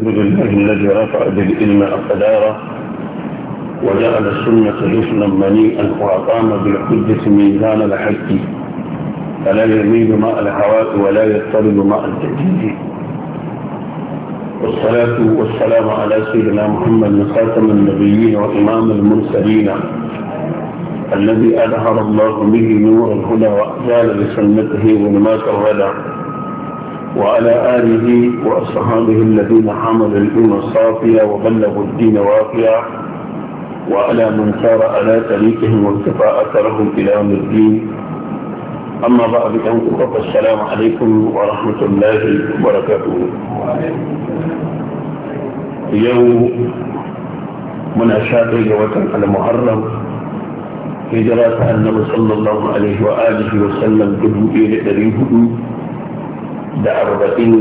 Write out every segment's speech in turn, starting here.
الحمد لله الذي رفع بالإلم أقداره وجعل السنة حفنا منيئا وأقام بالحجة ميزان الحق فلا يميل ماء الهواء ولا يضطرب ماء التجديد والصلاة والسلام على سيدنا محمد خاتم النبيين وإمام المرسلين الذي أظهر الله به نور الهدى وأزال بسنته ظلمات الردى وعلى آله وأصحابه الذين حملوا الإيمان الصافية وبلغوا الدين واقيا وعلى من سار على طريقهم وانتفاء أثرهم إلى يوم الدين أما بعد أنكم السلام عليكم ورحمة الله وبركاته يوم من أشاقي وتن في هجرات النبي صلى الله عليه وآله وسلم تبدو إلى أريه da arba'in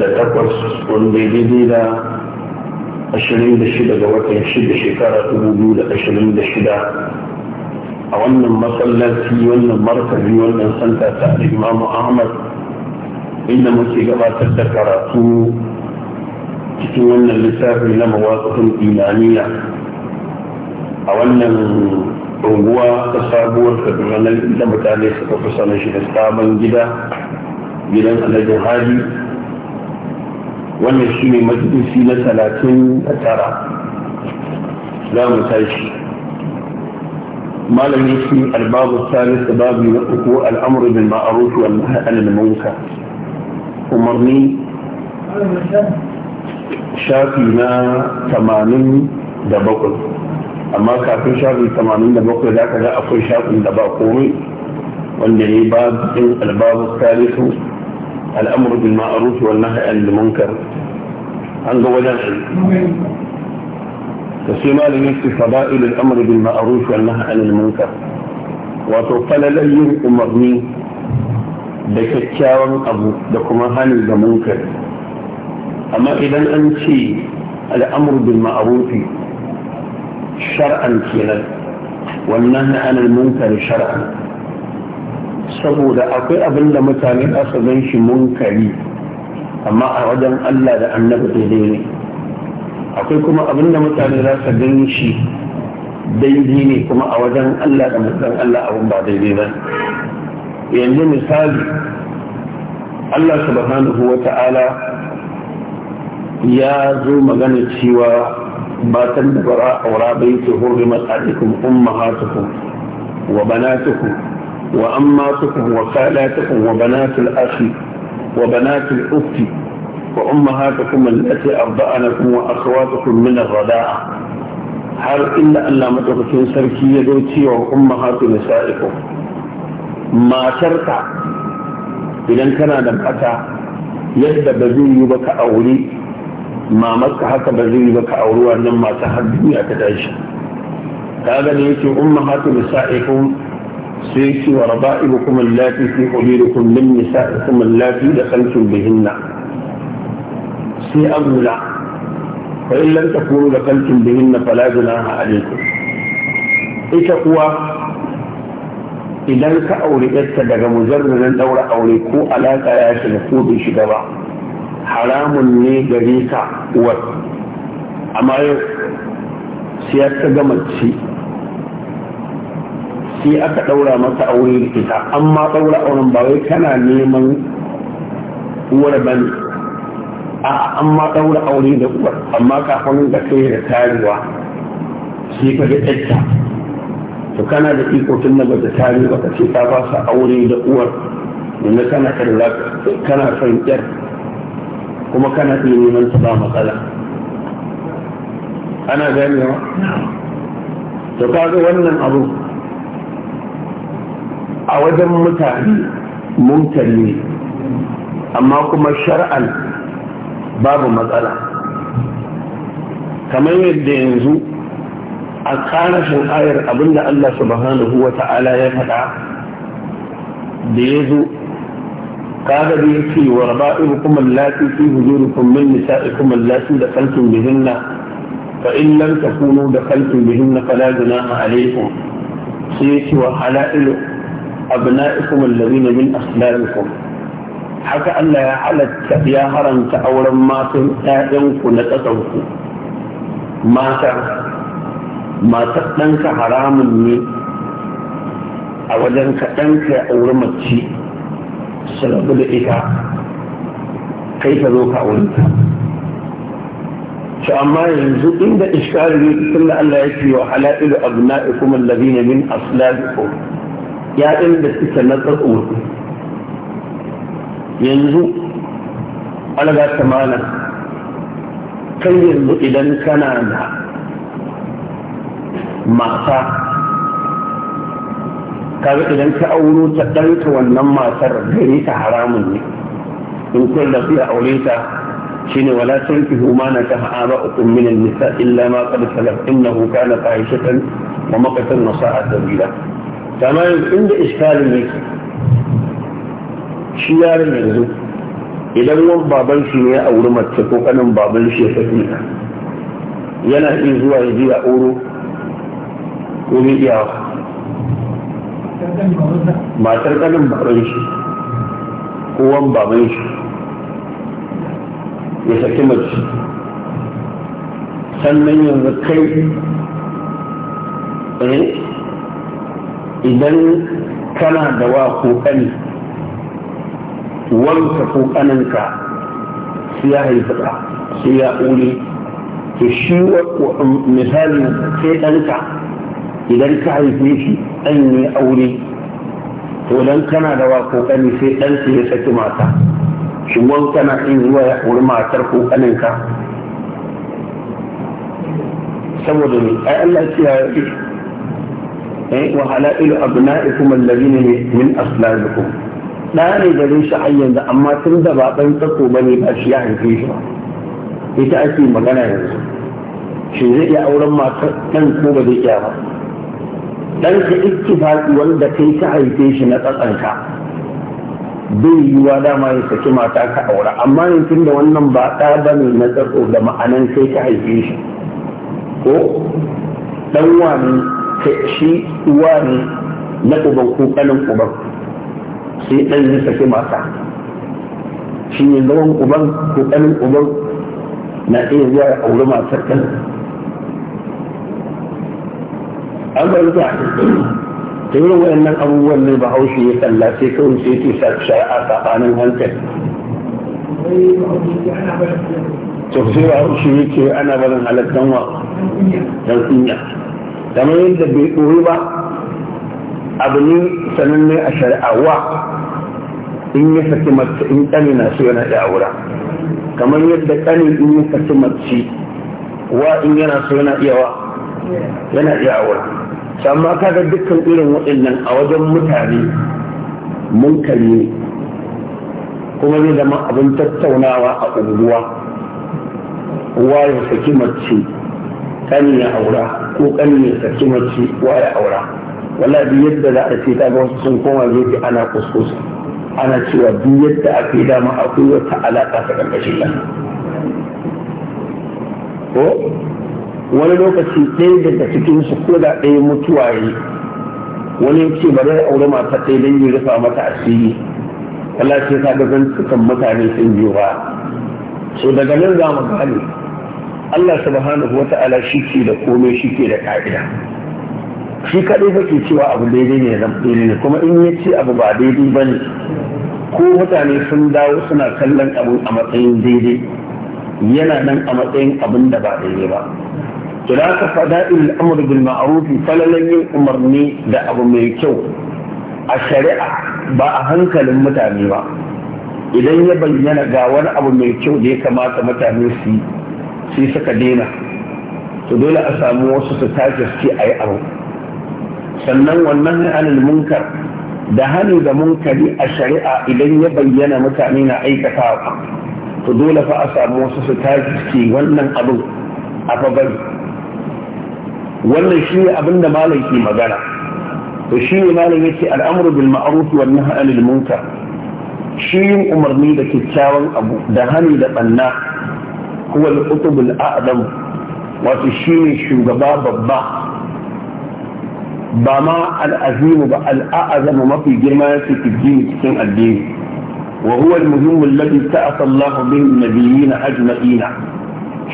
da takwas wanda daidai da ashirin da shida ga watan shida shekara dubu biyu da ashirin da shida a wannan masallaci wannan markazi wannan santa ta imamu ahmad inda muke gabatar da karatu cikin wannan littafi na mawaƙafin imaniya a wannan unguwa ta sabuwar kaduna da mutane suka fi sanin shi da sabon gida gidan alhaji hali wannan shi ne majalisi na talatin da tara za mu tashi malami shi albabu salis babu na uku al'amuru bin ma'aruf wal nahy munkar umarni shafi na tamanin da bakwai amma kafin shafi tamanin da bakwai za ka ga akwai shafin da ba komai wanda ne ba babin albabu salisu الامر بالمعروف والنهي عن المنكر عند وجهه فسيما لم يكفي فضائل الامر بالمعروف والنهي عن المنكر وتوكل لي امرني بكتشاوان ابو دكما هاني المنكر اما اذا انت الامر بالمعروف شرعا كذا والنهي عن المنكر شرعا saboda akwai abin da mutane aka gan shi munkari amma a wajen Allah da annabi daidai ne akwai kuma abin da mutane za su gan shi daidai ne kuma a wajen Allah da mutan Allah abin ba daidai ba yanzu misali Allah subhanahu wa ta'ala ya zo magana cewa ba tan da bara aura bai ta hurri matsalikum ummahatukum wa banatukum وأماتكم وخالاتكم وبنات الأخ وبنات الأخت وأمهاتكم التي أرضعنكم وأخواتكم من الرضاعة har inda Allah madaukakin sarki ya zo cewa ummahatu nisaikum matarka idan kana da mata yadda ba zai yi ba ka aure mamarka haka ba zai yi ba ka aure wannan mata har duniya ta tashi kaga ne yake ummahatu nisaikum سيشي وربائبكم اللاتي في حضوركم من نسائكم اللاتي دخلتم بهن سي أغنى فإن لم تكونوا دخلتم bihinna فلا جناح عليكم ita قوة idan ka aure yarka daga mujarradin daura aure ko alaka ya shiga ko bai shiga ba haramun ne gare ka uwar amma yau sai ta gama ci sai aka ɗaura masa aure da ita amma ɗaura auren ba wai kana neman uwar bane a amma ɗaura aure da uwar amma kafin da kai da tariwa sai ka ga ɗanta to kana da iko tun da bata tare ba ka ce ka ba sa aure da uwar domin kana kana son yar kuma kana iya neman ta ba matsala ana ganewa to kaga wannan abu a wajen mutane munkar amma kuma shar'an babu matsala kamar yadda yanzu a karashin ayar abinda Allah subhanahu wa ta'ala ya faɗa da ya zo kada ya ce wa raba'in kuma lati fi hujuru kummin nisa'i kuma lati da kalkin bihinna fa in lam da kalkin bihinna fala gunaha alaikum sai ya ce wa halailu أبنائكم الذين من أخلاقكم haka Allah ya halatta ya haranta auren matan ƴaƴanku na ƙasanku mata matar ɗanka haramun ne a wajen ka ɗanka ya auri mace su da ita kai ka zo ka auri ta to amma yanzu inda iskari ne tun da Allah ya ce wa hala'ilu abna'ikum allazina min aslabikum ya'yan da suka na tsatso yanzu alaga ta malam kai yanzu idan kana da mata kaga idan ka auro ta ɗanka wannan matar gare ta haramun ne in kulla fi aure ta shine wala tankihu ma na taha aba'ukum min an-nisa illa ma qad salaf innahu kana fahishatan wa maqatan wa sa'a sabila dama yanzu inda iskalin yake shi yaron yanzu idan wani baban shi ne ya auri mace ko kanin baban shi ya tafi yana iya zuwa ya je a oro ko bai iya matar kanin baban shi ko wani baban shi ya saki mace sannan yanzu kai eh, idan kana da wa ko kani wanka ko kaninka ya haifi ɗa su ya ƙure to shi um, misali sai ɗanka idan ka haife shi ɗan ne aure to dan kana da wa ko kani sai ɗansa ya saki mata shi wanka na ɗin zuwa ya ƙuri matar ko kaninka saboda ne ai Allah ya ce Eh, wa halailu abna'ikum alladhina min aslabikum da ne gare shi har yanzu amma tun da ba ɗan tsako ba ne ba shi ya haife shi ba ita ake magana yanzu shi zai iya auren matar ɗan ko ba zai iya ba ɗan ka faɗi wanda kai ka haife shi na tsakanka bai yiwa dama ya saki mata ka aura amma ne tun da wannan ba ɗa ba ne na tsako da ma'anan kai ka haife shi ko ɗan wani shi uwa ne na uban ko ƙanin uban sai ɗan yi sake mata shi ne zaman uban ko ƙanin uban na iya zuwa ya auri matar ɗan an fahimta ta irin waɗannan abubuwan ne ba haushi ya kalla sai kawai sai ce shari'a tsakanin hankali to sai ba haushi yake ana barin halattan wa ɗan kunya kamar yadda bai ɓoyi ba abu ne sananne a shari'a wa in ya saki mace in ƙani na so yana iya aura kamar yadda ƙani in ya saki mace wa in yana so yana iya wa yana iya aura amma kaga dukkan irin waɗannan a wajen mutane munkari ne kuma zai zama abin tattaunawa a unguwa uwa ya saki mace ƙani ya aura ko ne saki mace wa ya aura wallahi duk yadda za a ce ta ga wasu sun koma gefe ana kuskus ana cewa duk yadda aka yi dama akwai wata alaƙa ta ƙarƙashin ta ko wani lokaci ɗaya daga cikin su ko da ɗaya mutuwa yi wani ya ce bari aure mata ɗaya don yi rufa mata asiri wallahi sai ka ga zan mutane sun biyo ba so daga nan za mu gane Allah subhanahu wa ta'ala shi ke da komai shi ke da ka'ida shi kaɗai fa cewa abu daidai ne zan ɗaya ne kuma in ya ce abu ba daidai ba ne ko mutane sun dawo suna kallon abu a matsayin daidai yana nan a matsayin abin da ba daidai ba to da aka faɗa in al'amur bil ma'arufi falalan yin umarni da abu mai kyau a shari'a ba a hankalin mutane ba idan ya bayyana ga wani abu mai kyau da ya kamata mutane su yi sai suka dena to dole a samu wasu su tajaske a yi abu sannan wannan hannun munkar da hannu da munkari a shari'a idan ya bayyana mutane na aikata to dole fa a samu wasu su tajaske wannan abin a fabari wannan shi ne abin da malam ke magana to shi ne malam yake al'amuru bil ma'ruf wa nahy munkar shi yin umarni da kyakkyawan abu da hani da banna huwa al-qutubul a'zam shi ne shugaba babba ba ma al ba al mafi girma yake cikin cikin addini wa huwa al-muhimmu alladhi ta'ata Allah bihi an-nabiyina ajma'ina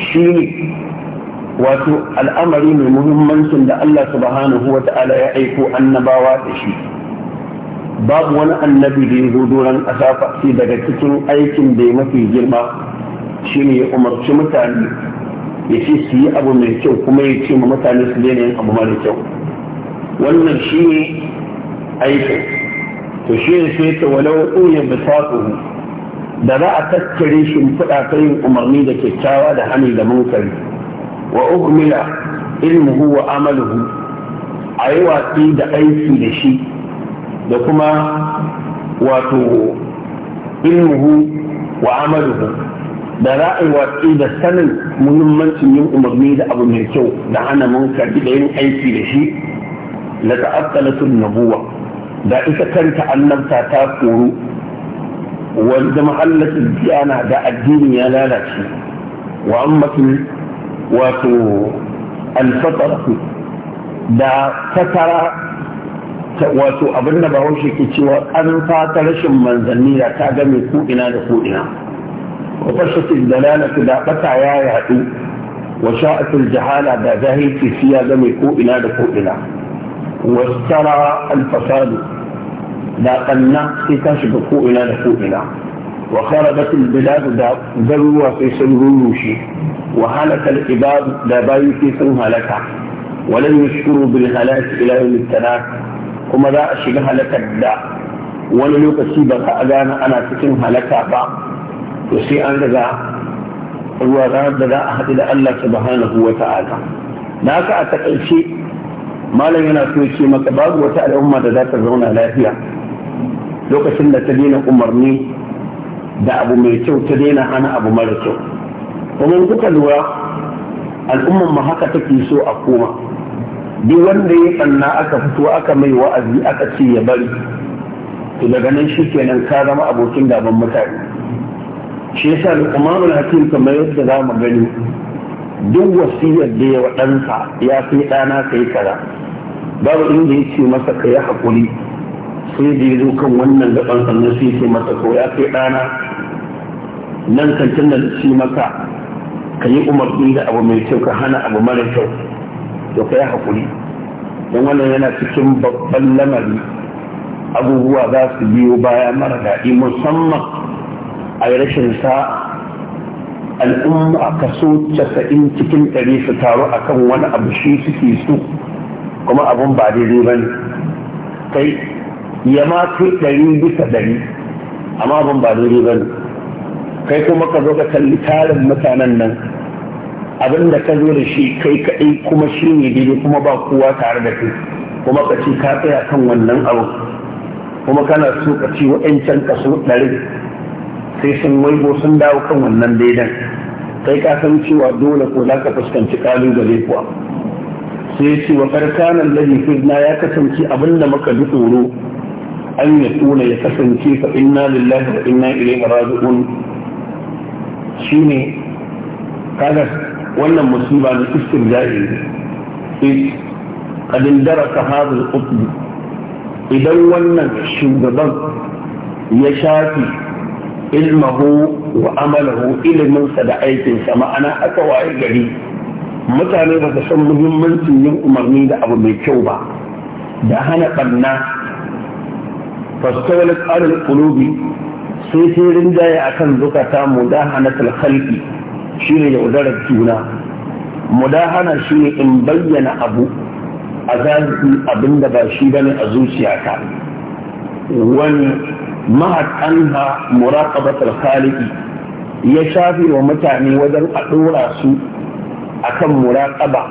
ne wato al'amari mai muhimmancin da Allah subhanahu wa ta'ala ya aiko annabawa da shi babu wani annabi da ya zo doron ƙasa sai daga cikin aikin da ya mafi girma shine ya umarci mutane ya ce su yi abu mai kyau kuma ya ce ma mutane su daina yin abu mara kyau wannan shi ne aikin to shi ne sai ta walau ɗuya bisatuhu da za a tattare shi fuɗa ta yin umarni da kyakkyawa da hani da munkari wa uhmila ilmuhu wa amaluhu a yi watsi da aiki da shi da kuma wato ilmuhu wa amaluhu da ra'ayi watsi da sanin muhimmancin yin umarni da abu mai kyau da hana munkari da yin aiki da shi la ta'attalatun nabuwa da ita kanta annabta ta koru wanda mahallatin diyana da addini ya lalace wa ammatin wato alfatarku da fatara wato abin da bahaushe ke cewa an fata rashin manzanni da ta game ko'ina da ko'ina وفشت الدلالة دا قطع يا يهدو وشاءت الجهالة دا ذهي في سيادة ميكو إلى دكو إلى واسترى الفساد دا قلنا سيتاش دكو إلى دكو إلى وخربت البلاد دا ذروة في سنروشي وهلك العباد دا باي في سنهلكة ولن يشكروا بالهلاك إلى يوم التلاك وما دا أشبه لك الداء ولن يقصيبك أدانا أنا في سنهلكة to sai an riga ruwa ranar da za a haɗu da Allah subhanahu wa ta'ala Na haka a takaice malam yana so ya ce maka babu wata al'umma da za ta zauna lafiya lokacin da ta daina umarni da abu mai kyau ta daina hana abu mara kyau kuma kuka lura al'umman mu haka take so a koma duk wanda ya tsanna aka fito aka mai wa'azi aka ce ya bari to daga nan shi kenan ka zama abokin gaban mutane shi yasa luqmanul hakim kamar yadda za mu gani duk wasiyar da ya ɗansa ya fi ɗana ka yi kaza babu inda ya ce masa ka yi haƙuri sai da ya zo kan wannan gaban sannan sai ce masa ko ya fi ɗana nan kantin da ci masa ka yi umarni da abu mai kyau ka hana abu mara kyau to ka yi haƙuri don wannan yana cikin babban lamari abubuwa za su biyo baya mara daɗi musamman a yi rashin sa'a al'umma kaso casa'in cikin ɗari su taru a kan wani abu shi suke su, kuma abun ba daidai ba ne kai ya ma kai ɗari bisa ɗari amma abun ba daidai ba ne kai kuma ka zo ka kalli tarin mutanen nan abin da ka zo da shi kai kaɗai kuma shi ne daidai kuma ba kowa tare da kai kuma ka ce ka tsaya kan wannan abu kuma kana so ka ce wa'ancan kaso ɗari sai sun waigo sun dawo kan wannan daidan kai ka san cewa dole ko za ka fuskanci kalubale kuwa sai ya ce wa karkanan lalifin na ya kasance abin da muka ji tsoro an ya ya kasance fa inna lillahi wa inna ilaihi raji'un shine kaga wannan musiba na istirja'i ne kadin daraka hadal qutb idan wannan shugaban ya shafi ilmahu wa amalahu iliminsa da aikinsa ma'ana aka waye gari mutane ba su san muhimmancin yin umarni da abu mai kyau ba da hana ɓanna fastawar tsarin kulubi sai sai rinjaye a kan zukata mu da hana talhalki shi ne yaudarar juna mu da hana shi in bayyana abu a zafi abin da ba shi bane a zuciyata wani ma'ad anha muraqabatul khaliqi ya shafi wa mutane wajen a dora su akan muraqaba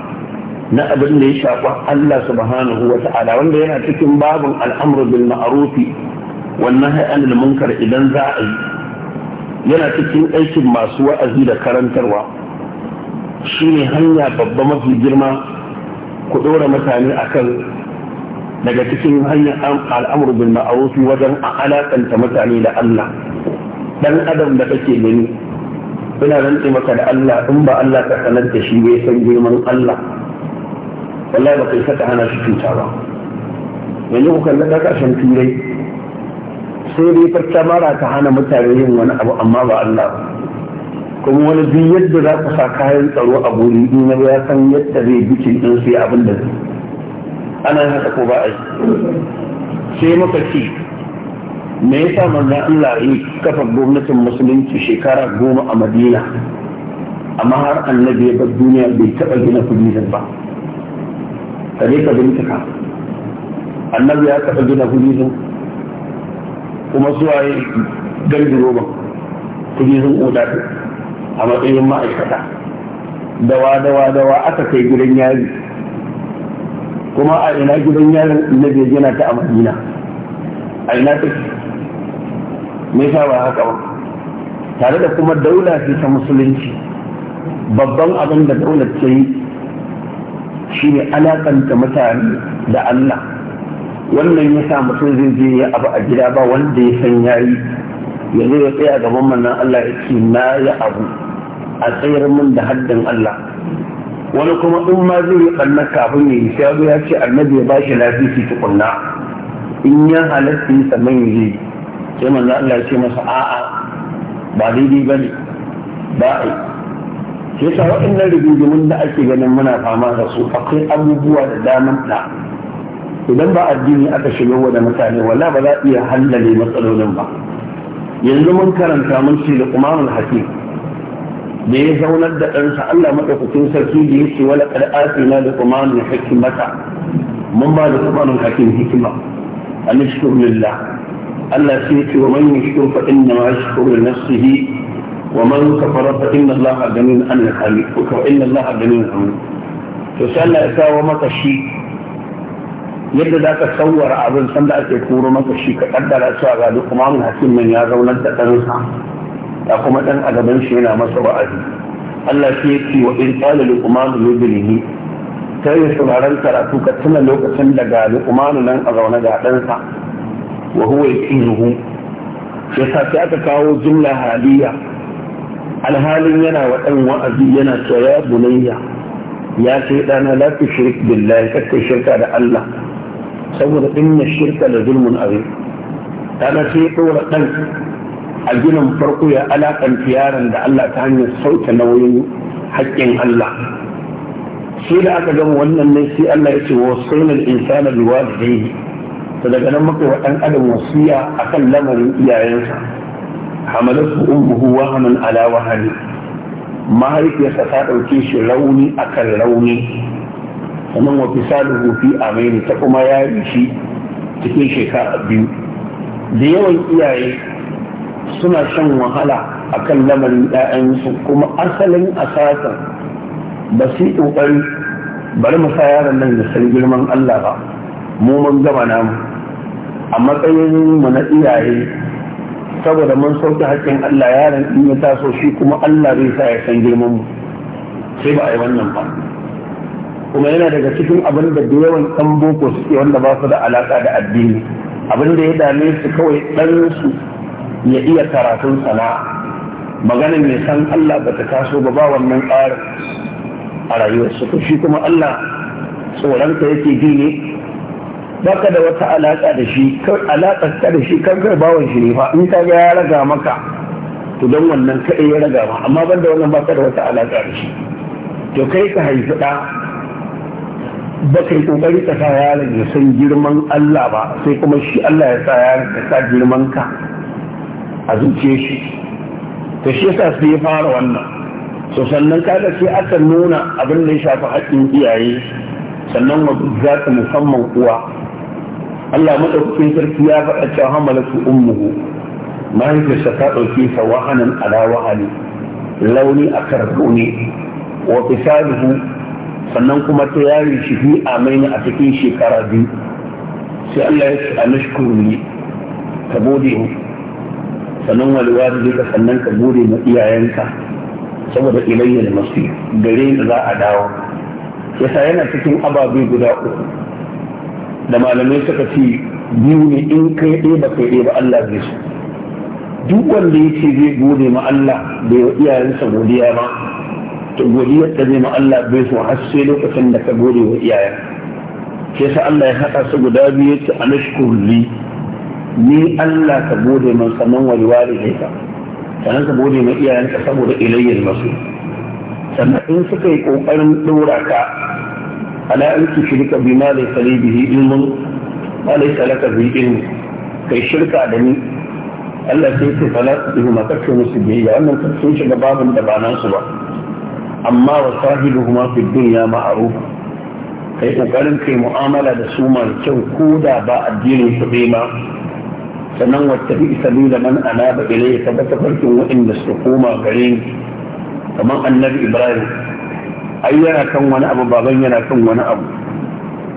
na abin da ya shafi Allah subhanahu wa ta'ala wanda yana cikin babun al'amru bil ma'rufi wan nahyi anil munkar idan za a yi yana cikin aikin masu wa'azi da karantarwa shine hanya babba mafi girma ku dora mutane akan daga cikin hanyar al'amur bil ma'arufi wajen alakanta mutane da Allah dan adam da kake gani ina rantsi maka da Allah in ba Allah ka sanar da shi bai san girman Allah wallahi ba kai saka hana shi cuta ba yanzu ku kalla ka kashin turai sai dai farta mara ta hana mutane yin wani abu amma ba Allah ba kuma wani duk yadda za ku sa kayan tsaro a buri in ya san yadda zai bikin din sai abin da zai ana yin haka ko ba a yi sai muka ce me ya sa manzon Allah yi kafa gwamnatin musulunci shekara goma a Madina amma har annabi ya bar duniya bai taɓa gina hujizar ba ka je ka bincika annabi ya taɓa gina hujizar kuma zuwa ya garbi roban hujizar oda a matsayin ma'aikata dawa dawa dawa aka kai gidan yari kuma a ina gidan yaron na bai gina ta a madina a ina take me yasa ba haka ba tare da kuma daula ce ta musulunci babban abin da daular ta yi shine alakanta mutane da Allah wannan ya sa mutum zai je ya abu a gida ba wanda ya san yayi yanzu ya tsaya gaban mannan Allah ya ce na ya abu a tsayar min da haddin Allah wani kuma in ma zai yi ɓanna kafin ya yi shaɗu ya ce annabi ya ba shi lafiya tukunna in ya halatta yi sannan ya yi sai za Allah ya ce masa a'a ba daidai ba ne ba a yi sai sa waɗannan rigingimin da ake ganin muna fama da su akwai abubuwa da daman da idan ba addini aka shiga wa da mutane wala ba za a iya hallale matsalolin ba yanzu mun karanta mun ce da kumarul hakim da ya zaunar da ɗansa Allah maɗaukakin sarki da ya ce wala kada asina da kuma na hikimata mun ba da kuma hakim hikima an shukuru lillah Allah sai ce wa man yashkur fa inna ma yashkuru li nafsihi wa man kafara fa inna Allah ganiyun an hamid ko inna Allah ganiyun hamid to sai Allah ya kawo maka shi yadda za ka sauwara abin sanda ake koro maka shi ka kaddara cewa ga duk kuma mun hakim nan ya zaunar da ɗansa da kuma dan a gaban shi yana masa wa'azi Allah shi yake wa in qala luqman yudlihi sai ya sauraron karatu ka tuna lokacin da ga luqman nan a zaune ga ɗansa wa huwa yaqinuhu yasa sai aka kawo jumla haliya alhalin yana wa dan wa'azi yana cewa ya bunayya ya ce ɗana la tu shirk billahi kakkai shirka da Allah saboda inna shirka da zulmun abin. ɗana sai ya ɗora ɗan a ginin farko ya alakanta yaron da Allah ta hanyar sauke nauyin haƙƙin Allah sai da aka gama wannan ne sai Allah ya ce wasainar insana biwalidayhi to daga nan muka wa dan adam wasiya akan lamarin iyayensa hamalatu ummuhu wahanan ala wahani mahaifiyarsa ta ɗauke shi rauni akan rauni sannan wa fisaluhu fi amaini ta kuma yari shi cikin shekara biyu da yawan iyaye suna shan wahala a kan lamarin ‘ya'yansu kuma asalin asasin ba su yi ƙoƙari bari mu sa yaron nan da san girman Allah ba mu mun gama namu a matsayin mu na iyaye saboda mun sauke haƙƙin Allah yaran in ya taso shi kuma Allah zai sa ya san girman mu sai ba a yi wannan ba kuma yana daga cikin abin da da yawan ɗan boko suke wanda ba su da alaƙa da addini abin da ya dame su kawai ɗansu ya iya karatun sana'a maganin mai san Allah ba ta taso ba ba wannan tsarin a rayuwarsa Ko shi kuma Allah tsoronka yake ji ne baka da wata alaƙa da shi alaƙa ka da shi kan kai bawan shi ne fa in ka ga ya raga maka to don wannan kaɗai ya raga ma amma ban da wannan baka da wata alaƙa da shi to kai ka haifi ɗa ba kai ƙoƙari ka sa yaron ya san girman Allah ba sai kuma shi Allah ya sa yaron ka sa girman ka a zuciya shi to shi ya fara wannan so sannan kaga sai aka nuna abin da ya shafi haƙƙin iyaye sannan wa za ta musamman kuwa. Allah madaukakin sarki ya faɗa cewa hamalatu ummuhu mahaifiyarsa ta ɗauke sa wahanan ala wahani launi a runi wa fisaluhu sannan kuma ta yari shi fi amaini a cikin shekara biyu sai Allah ya ce a nashkuru ne ka gode mu sannan walwari ka sannan ka bude ma iyayenka saboda ilayya da masu gare da za a dawo yasa yana cikin ababe guda uku da malamai suka ce biyu ne in kai ɗaya ba kai ɗaya ba Allah zai su duk wanda ya ce zai gode ma Allah da yawa iyayensa godiya ba, to godiyar ta zai ma Allah bai so har sai lokacin da ka gode wa iyayen sa Allah ya haɗa su guda biyu ya ce anashkur ni Allah ka gode man sannan wa liwalidayka sannan ka gode man iyayenka saboda ilayyar masu sannan in suka yi kokarin dora ka ala an tushrika bima laysa li bihi ilmun ma laysa laka bihi ilm kai shirka da ni Allah sai ce fala tuhu ma kake musu biyayya wannan sun shiga babun da ba nan su ba amma wa sahibuhuma fi dunya ma'ruf kai kokarin kai mu'amala da su mai kyau ko da ba addinin su bai ma sannan wata fi isa sabila man anaba ilayya ka ta farkin waɗanda su koma gare ni kamar annabi ibrahim ai yana kan wani abu baban yana kan wani abu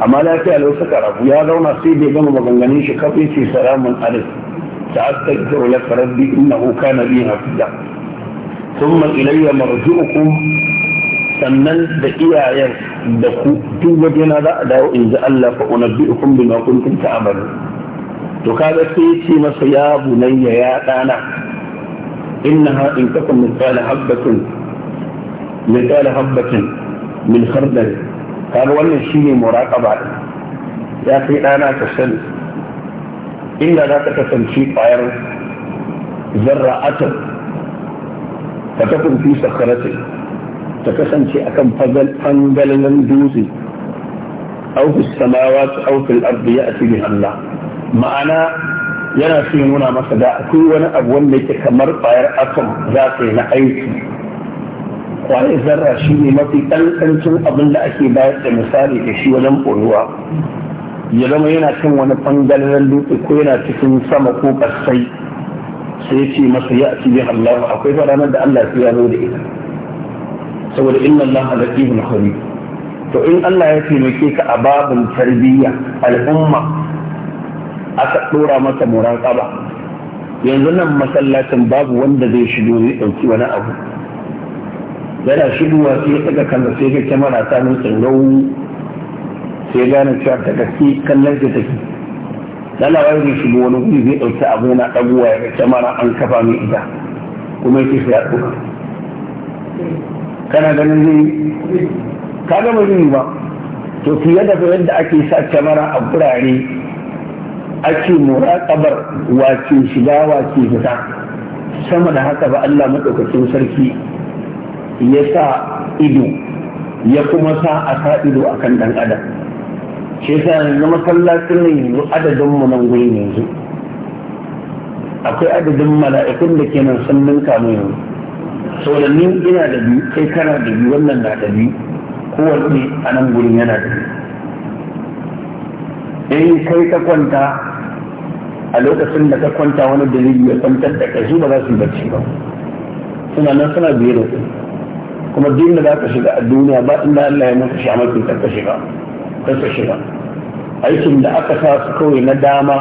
amma lafiya lau suka rabu ya zauna sai bai gama maganganun shi kafin ce salamun alaikum sa'astaghfiru laka rabbi innahu kana bi hafiya ثم إلي مرجعكم sannan da iyayen da ku duk wajena za a dawo in ji Allah fa unabbi'ukum bima kuntum ta'malu to kaga sai ce masa ya bunayya ya dana innaha in kafa takun mithqala habatin mithqala habatin min khardal kaga wannan shine muraqaba ya kai dana ka sani inda za ka kasance kwayar zarra'atar ka takun fi sakharatin ta kasance a kan fangalin dutse au fi samawati au abu ya ya'ti biha Allah ma'ana yana so nuna masa da akwai wani abu wanda yake kamar ƙwayar atom za ta yi na aiki ƙwayar zarra shi ne mafi ɗanɗancin abin da ake bayar da misali da shi wajen ɓoyuwa ya zama yana kan wani ɓangaren dutse ko yana cikin sama ko ƙasai sai ce masa ya ci bin Allah akwai ranar da Allah sai ya zo da ita saboda inna Allah latifun khabir to in Allah ya taimake ka a babin tarbiyya al'umma aka ɗora masa muraƙaba yanzu nan masallacin babu wanda zai shigo zai ɗauki wani abu yana shigowa sai ya saka kansa sai ga kyamara ta nutsin rau sai gane cewa ta gaske kallon ta take lalawa zai shigo wani guri zai ɗauki abu yana ɗaguwa ya ga kyamara an kafa mai ita kuma yake sai ya ɗauka kana ganin zai ka gama zai ba to fiye da yadda ake sa kyamara a burare ake muraƙabar wace shiga wace fita sama da haka ba Allah maɗaukacin sarki ya sa ido ya kuma sa a sa ido a kan ɗan adam shi yasa yanzu masallacin nan yanzu adadin mu nan gurin yanzu akwai adadin mala'ikun da ke nan sun ninka mu yanzu saboda ni ina da biyu kai kana da biyu wannan na da biyu kowanne a nan gurin yana da biyu in eh, kai ka kwanta a lokacin da ka kwanta wani dalili ya kwantar da ka ba za su yi bacci ba suna nan suna biye da su kuma duk da za ka shiga a duniya ba inda Allah ya maka shi a mafi ka shiga ka shiga aikin da aka sa su kawai na dama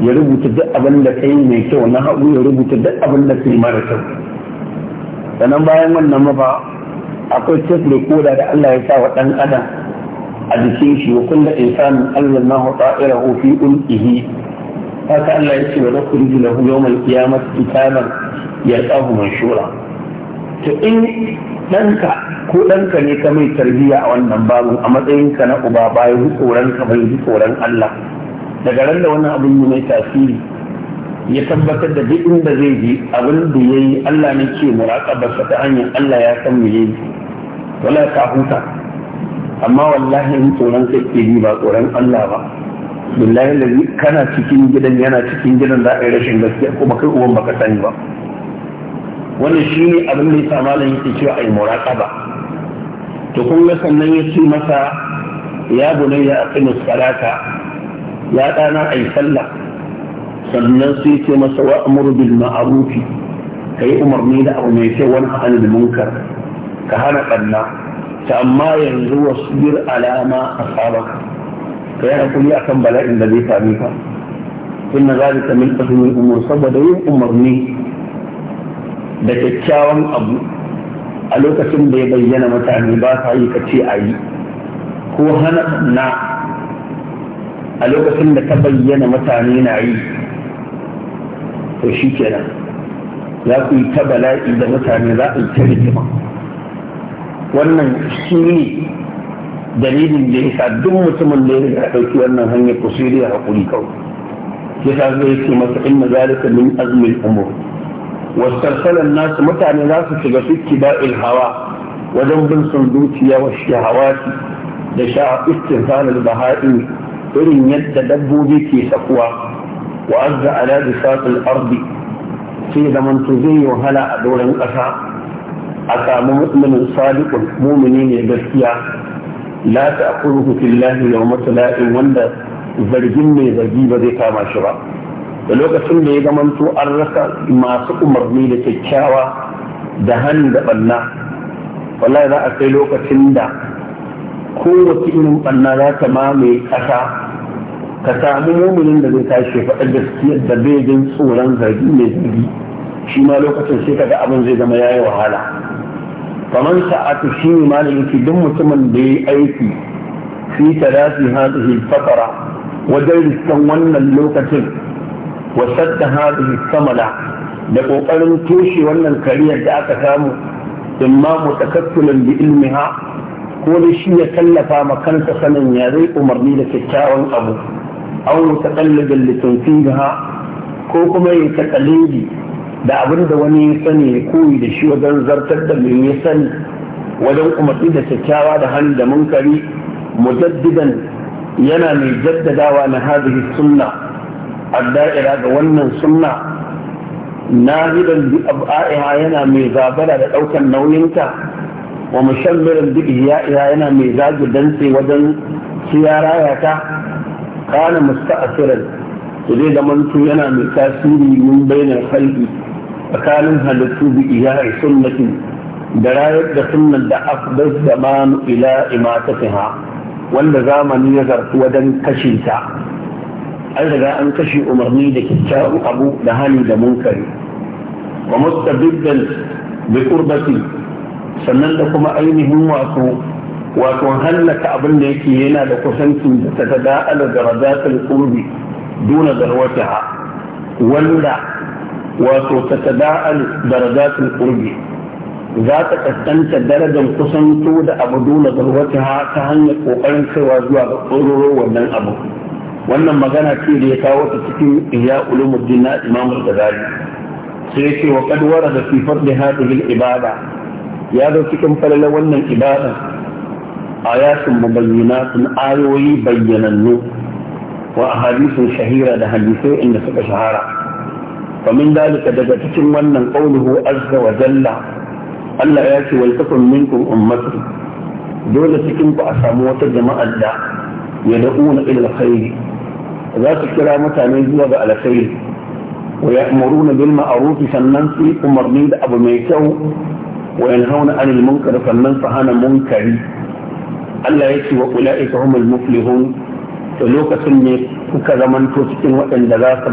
ya rubuta duk abin da kai mai kyau na haɗu ya rubuta duk abin da kai mara kyau sannan bayan wannan mafa akwai tape recorder da Allah ya sa wa ɗan adam a jikin shi wa kullum insanin Allah na hu ta'irahu fi ulqihi haka Allah ya ce wa nakhruju lahu yawmal qiyamati kitaban yalqahu manshura to in ɗanka ko ɗanka ne ka mai tarbiyya a wannan babu a matsayinka na uba bayan tsoron ka bai yi tsoron Allah daga ran da wannan abin yi mai tasiri ya tabbatar da duk inda zai je abin da ya yi Allah ne ke muraƙabarsa ta hanyar Allah ya san mu yi. wala ka huta amma wallahi in tsoron kai ke ba tsoron Allah ba billahi lalli kana cikin gidan yana cikin gidan za a yi rashin gaskiya kuma kai uwan baka sani ba wannan shi ne abin da ya sa malam yake cewa a yi muraƙaba to kun ga sannan ya ce masa ya bunayya ya kan salata ya ɗana a yi sallah sannan sai ce masa wa amuru bil ka yi umarni da abu mai kyau wani hannun munkar ka hana ɓanna ta amma yanzu wasu bir alama a sabaka ka yi hakuri kan bala'in da zai sami ka inna zalika min azmin umur saboda yin umarni da kyakkyawan abu a lokacin da ya bayyana mutane ba sa yi ka ce a yi ko hana na a lokacin da ka bayyana mutane na yi to shi kenan za ku yi ta bala'i da mutane za a yi ta rikima wannan shi ne dalilin da sa duk mutumin da ya ɗauki wannan hanyar ku sai dai haƙuri kawai yasa zai ce masa inna zalika min azmil umur wasarsala nasu mutane za su shiga fiki ba'il hawa wajen bin son zuciya wa shahawati da sha'a istihsalul baha'i irin yadda dabbobi ke sakuwa wa azza ala bisatul ardi sai zaman to zai wahala a doron ƙasa a samu mu'minin sadiqun mumini ne gaskiya la ta'khudhuhu fillahi yawmatu la'in wanda zargin mai zargi ba zai kama shi ba da lokacin da ya zamanto an rasa masu umarni da kyakkyawa da hannu da banna wallahi za a kai lokacin da kowace irin banna za ta mamaye ƙasa ka samu muminin da zai tashi faɗa gaskiyar da zai jin tsoron zargi mai zargi shi ma lokacin sai kaga abin zai zama yayi wahala faman sa'atu shi ne malamin ki duk mutumin da ya yi aiki fi talati hadhihi fatara wajen riskan wannan lokacin wa sadda hadhihi samala da ƙoƙarin toshe wannan kariyar da aka samu imma mutakassilin bi ilmiha ko da shi ya tallafa ma kansa sanin ya zai umarni da kyakkyawan abu aw mutakallidin li tunfiha ko kuma ya takallidi da abin da wani ya sani ya koyi da shi wajen zartar da mai ya sani wajen umarni da kyakkyawa da hannu da munkari mujaddidan yana mai jaddadawa na hadhihi sunna adda'ira ga wannan sunna nahidan bi ab'a'iha yana mai zabara da daukan nauyinta wa mushammiran bi ihya'iha yana mai zagi dantse wajen siyaraya ta kana musta'asiran da zamantu yana mai tasiri min bainar halki tsakanin halittu bi iya'i sunnati da rayar da sunnan da afdar zamanu ila imatatiha wanda zamani ya zartu wajen kashe ta an riga an kashe umarni da kyakkyawan abu da hali da munkari wa mustabiddan bi qurbati sannan da kuma ainihin wato wato hallaka abin da yake yana da kusanci da ta da'ala darajatul qurbi duna darwataha wanda wato ta tada'al darajatul qurbi za ta kaskanta darajar kusanto da abu dole zarwata ta hanyar kokarin kaiwa zuwa ga tsororo wannan abu wannan magana ce da ya kawo ta cikin iya ulumuddin na imam al-ghazali sai ce wa qad da fi hadhihi al-ibada ya zo cikin falala wannan ibada ayatun mubayyinatun ayoyi bayyanannu wa ahadithun shahira da hadisai inda suka shahara ومن ذلك دقتك من قوله عز وجل Allah ya ce wal takun minkum ummatu dole cikin ku a samu wata jama'a da ya da'una ila alkhairi za su kira mutane zuwa ga alkhairi wa ya'muruna bil ma'ruf sannan su umarni da abu mai kyau wa yanhauna 'anil munkar sannan su hana munkari Allah ya ce wa ulaika humul muflihun to lokacin ne kuka zamanto cikin waɗanda za su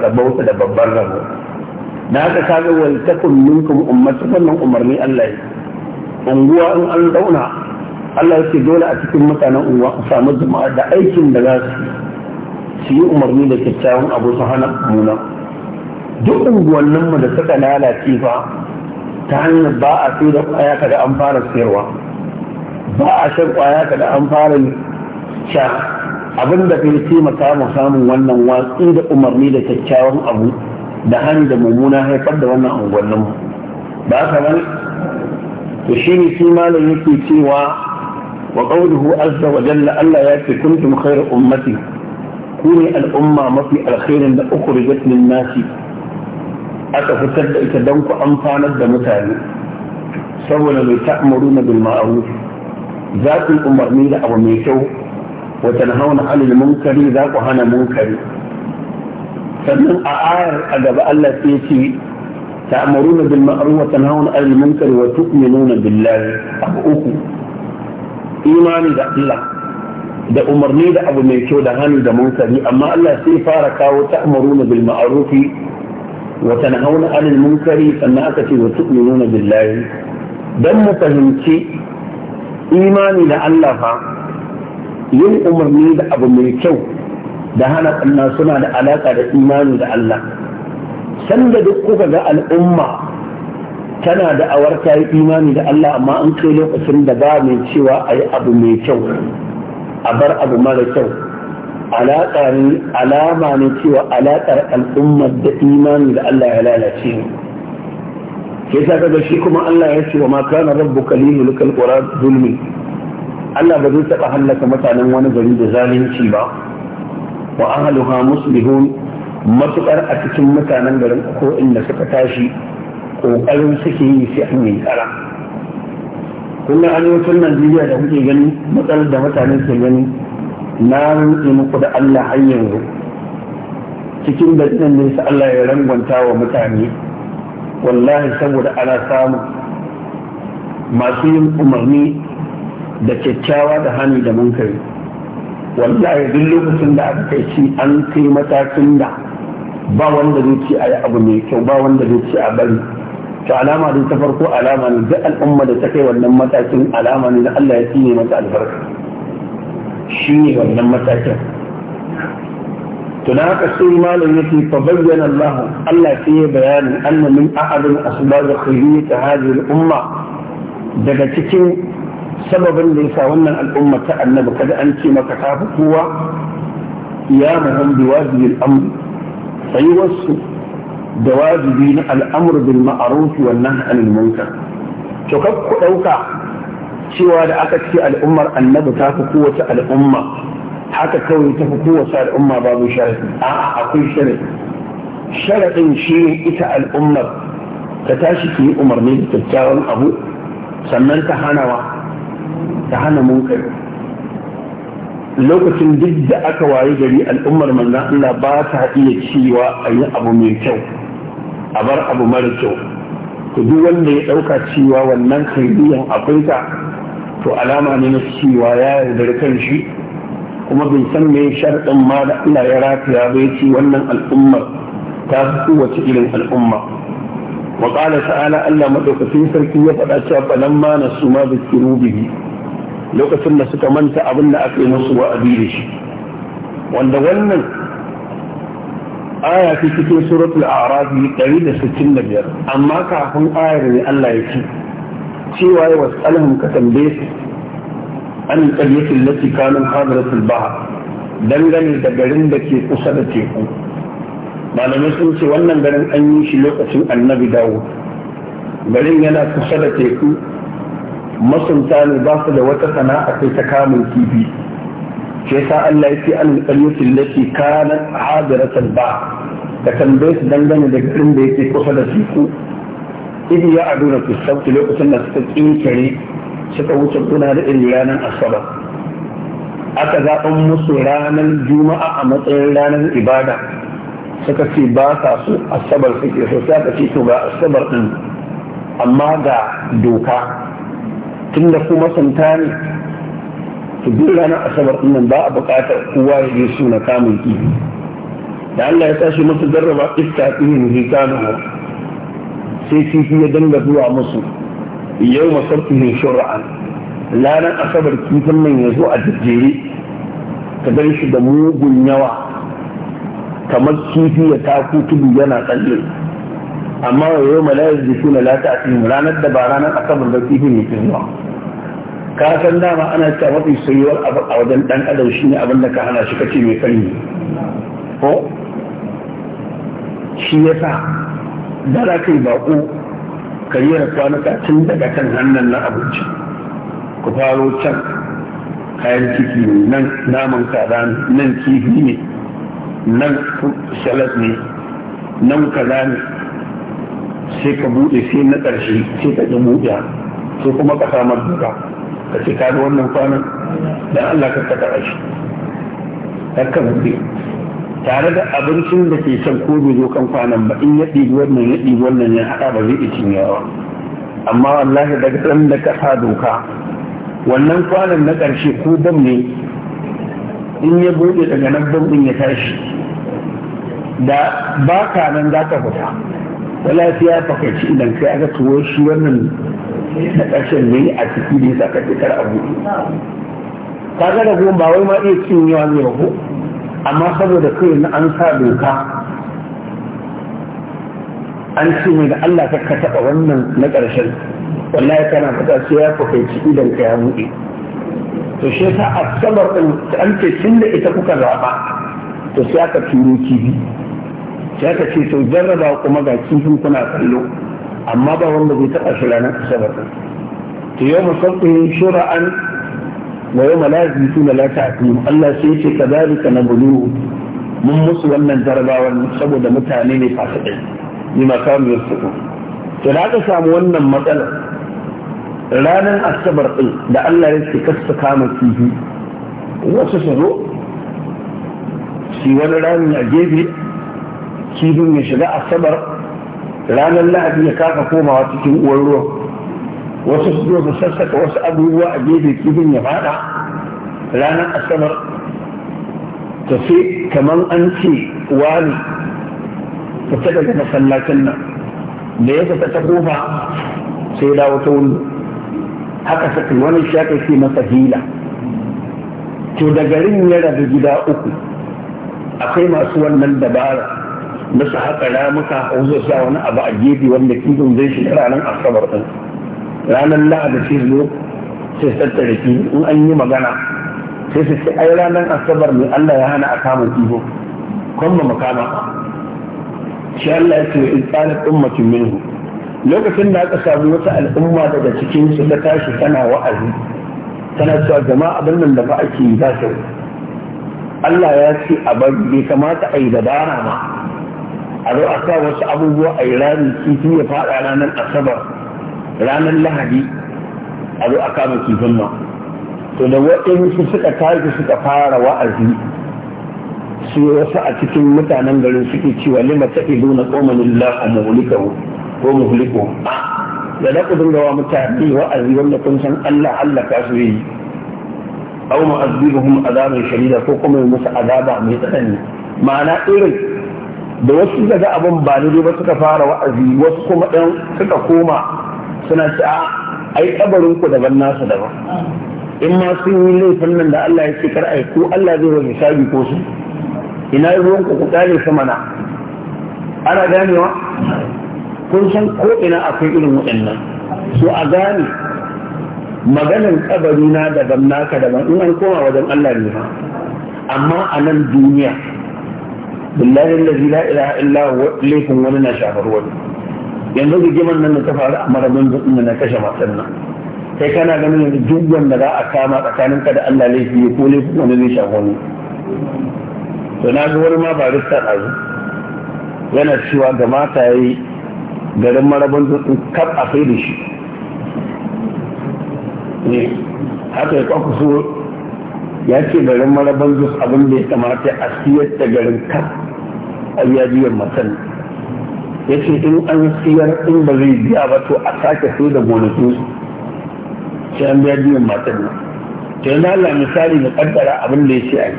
rabauta da babban rabo na ka kaga wal takun minkum ummatu wannan umarni Allah ya unguwa in an zauna Allah ya ce dole a cikin mutanen unguwa a samu jama'a da aikin da za su yi umarni da kyakkyawan abu su hana muna duk unguwannin mu da suka lalace fa ta hanyar ba a sai da kwaya kada an fara sayarwa ba a shan kwaya kada an fara ca abin da kai taimaka mu samun wannan watsi da umarni da kyakkyawan abu da hannu da mummuna haifar da wannan unguwannin mu ba haka bane to ne shi malam yake cewa wa qawluhu azza wa jalla Allah ya ce kuntum khayra ummati ne al'umma mafi alkhairin da ukhrijat lin nasi aka fitar da ita don ku amfanar da mutane saboda mai ta'amuruna bil ma'ruf za ku umarni da abu mai kyau wa tanhauna 'anil munkari za ku hana munkari sannan a ayar a gaba Allah sai ce ta'muruna bil ma'ruf wa tanhauna 'anil munkari billahi abu uku imani da Allah da umarni da abu mai kyau da hannu da munkari amma Allah sai fara kawo ta'muruna bil ma'ruf wa tanhauna 'anil munkari sannan aka ce wa tu'minuna billahi dan mu fahimci imani da Allah fa yin umarni da abu mai kyau da hana ƙanna suna da alaƙa da imani da Allah sanda duk kuka ga al'umma tana da awar ta yi imani da Allah amma an kai lokacin da ba mai cewa a yi abu mai kyau a bar abu mara kyau alaƙa ne alama ne cewa alaƙar al'ummar da imani da Allah ya lalace ne ke sa kaga shi kuma Allah ya ce wa ma kana rabbuka liyulkal qura zulmi Allah ba zai taɓa hallaka mutanen wani gari da zalunci ba wa ahluha muslihun matukar a cikin mutanen garin ko inda suka tashi kokarin suke yi sai an yi kara kullum arewacin Najeriya da kuke gani matsalar da mutane ke gani na rantsi muku da Allah har yanzu cikin da ne su Allah ya rangwanta wa mutane wallahi saboda ana samu masu yin umarni da kyakkyawa da hani da munkari wallahi duk lokacin da aka kai shi an kai matakin da ba wanda zai ci a yi abu mai kyau ba wanda zai ci a bari to alama da ta farko alama ne duk al'umma da ta kai wannan matakin alama ne da Allah ya tsine mata albarka shi ne wannan matakin to na haka sai malam yake fa bayyana Allah Allah sai ya bayani anna min a'adun asbab khayriyat hadhihi al-umma daga cikin sababin da yasa wannan al'umma ta annabi kada an ce maka ta kowa ya muhim bi wajibil amri sai wasu da wajibi na al'amr bil ma'ruf wan nahy anil munkar to kar ku dauka cewa da aka ce al'ummar annabi ta fi kowace al'umma haka kawai ta fi kowace al'umma babu sharadi a'a akwai sharadi sharadin shi ita al'ummar ta tashi ki umarni da kyakkyawan abu sannan ta hanawa ta hana munkari lokacin duk da aka wayi gari al'ummar manzan Allah ba ta iya cewa a yi abu mai kyau a bar abu mara kyau Ku duk wanda ya ɗauka cewa wannan kaidiyan akwai ta to alama ne na cewa ya yarda da shi kuma bin san me sharɗin ma da Allah ya rataya bai ce wannan al'ummar ta fi kowace irin al'umma wa qala ta'ala Allah maɗaukacin sarki ya faɗa cewa mana suma ma zikiru bihi lokacin da suka manta abin da aka yi musu wa'adi da shi wanda wannan aya ta cikin suratul a'rafi 165 amma kafin ayar ne Allah ya ce cewa ya wasalhum ka tambaye su an qaryatin lati kanu hadiratul bahr dangane da garin da ke kusa da teku malamai sun ce wannan garin an yi shi lokacin annabi dawo garin yana kusa da teku masunta ne ba su da wata sana'a kai ta kamun kifi Ke sa Allah ya ce an alƙaryatin lati kanat hadiratal ba da tambaye su dangane da garin da yake kusa da teku idi ya aduna ku sauki lokacin da suka kinkire suka wuce kuna da irin ranar asabar aka zaɓan musu ranar juma'a a matsayin ranar ibada suka ce ba sa so asabar suke so sai ka ce to ga asabar din amma ga doka Tunda kuma santa ne to duk ranar asabar din nan ba a buƙatar kowa ya je suna kamun kifi da Allah ya tashi masu jarraba iska ihin hikanu sai kifi ya danga zuwa musu yau masarfihin shura'an ranar asabar kifin nan ya zo a jajjere ka gan shi da mugun yawa kamar kifi ya taku tudu yana tsalle amma wa yau malayar da na lati a cikin ranar da ba ranar a asabar da kifi mai fi zuwa ka san dama ana cewa mafi soyuwar abu a wajen dan adam shi ne abin da ka hana shi kace mai sanyi ko shi ya sa da za ka yi baƙo kariyar kwanuka tun daga kan hannun na abinci ku faro can kayan ciki ne nan naman kaza nan kifi ne nan salat ne nan kaza ne sai ka bude sai na ƙarshe sai ka ji buɗe sai kuma ka samar duka ka ce ka wannan kwanan dan Allah ka kaɗa shi ka buɗe tare da abincin da ke can ko bai zo kan kwanan ba in ya ɗibi wannan ya ɗibi wannan ya haɗa ba zai iya yawa amma wallahi daga ɗan da ka sa doka wannan kwanan na ƙarshe ko dam ne in ya buɗe daga nan bambin ya tashi da ba ka nan za ka fita wala fi ya fakaici idan sai aka tuwo shi wannan na ƙarshen ne a ciki da ya saka fitar a buɗe ka ga da ba wai ma iya cin yawa zai ku. amma saboda kai na an sa doka an ce ne da Allah ka taɓa wannan na ƙarshen wallahi kana fita sai ya fakaci idan ka ya buɗe to shi yasa asabar din an ce tun da ita kuka zaɓa to sai aka turo kifi sai aka ce to jarraba kuma ga kifin kuna kallo amma ba wanda zai taɓa shi ranar asabar din to yau musabbihin shura'an wa yau malazi tuna la ta'tim Allah sai ce kadalika nabulu mun musu wannan jarabawan saboda mutane ne fasikai ni makamu yasuku to da aka samu wannan matsalar ranar asabar ɗin da Allah ya ce kasta kama kifi wasu su zo shi wani rami a gefe kifin ya shiga asabar ranar lahadi ya kafa komawa cikin uwar ruwa, wasu su zo su sassaka wasu abubuwa a gefe kifin ya fada ranar asabar ta sai kamar an ce wani fita daga masallacin nan da ya fita ta kofa sai dawo ta wuni haka sakin wani shi aka ce masa hila to da garin ya rabu gida uku akwai masu wannan dabara na su haka ramuka a wasu sa wani abu a gefe wanda kifin zai shiga ranar asabar ɗin ranar lahadi sai zo sai tattare ki in an yi magana sai su ce ai ranar asabar ne allah ya hana a kama kifin kuma makama shi allah ya ce in tsarin ɗin mutum minhu lokacin da aka sami wata al'umma daga cikin su ta tashi tana wa'azi tana cewa jama'a abin nan da ba ake yi ba kyau Allah ya ce a bari bai kamata a yi dabara ma a zo a sa wasu abubuwa a yi rami kifi ya faɗa ranar asabar ranar lahadi a zo a kama kifin ma to da waɗansu suka tashi suka fara wa'azi su wasu a cikin mutanen garin suke cewa lima ta ido na tsomanin la'a mawulikawu ko muhliku da da ku dinga wa mutane wa'azi wanda kun san Allah Allah ka su yi aw mu'azzibuhum azaban shadida ko kuma yi musu azaba mai tsanani ma'ana irin da wasu daga abin ba ne ba suka fara wa'azi wasu kuma ɗan suka koma suna ci a ai kabarin ku daban nasu daban in ma sun yi laifin nan da Allah ya ce kar ai ko Allah zai wani hisabi ko su ina ruwan ku ku kare su mana ana ganewa kun san ko ina akwai irin waɗannan so a gane maganin kabari na daban naka daban in an koma wajen Allah ne ma amma a nan duniya billahi allazi la ilaha illa huwa laifin wani na shafar wani yanzu rigimar nan da ta faru a marabin zuɗin na kashe matan nan kai kana ganin yanzu duk wanda za a kama tsakanin ka da Allah laifi ya ko laifin wani zai shafa wani to na ga wani ma barista ɗazu yana cewa ga mata yi garin maraban tsuntsun kaf a sai da shi haka ya kwakuso ya ce garin marabin zus abin da ya kamata a siyar da garin kaf a yajiyar matan ya ce in an siyar in ba zai biya ba to a sake sai da gonakin sai an biya biyan matan nan to na la misali na kaddara abin da ya ce a yi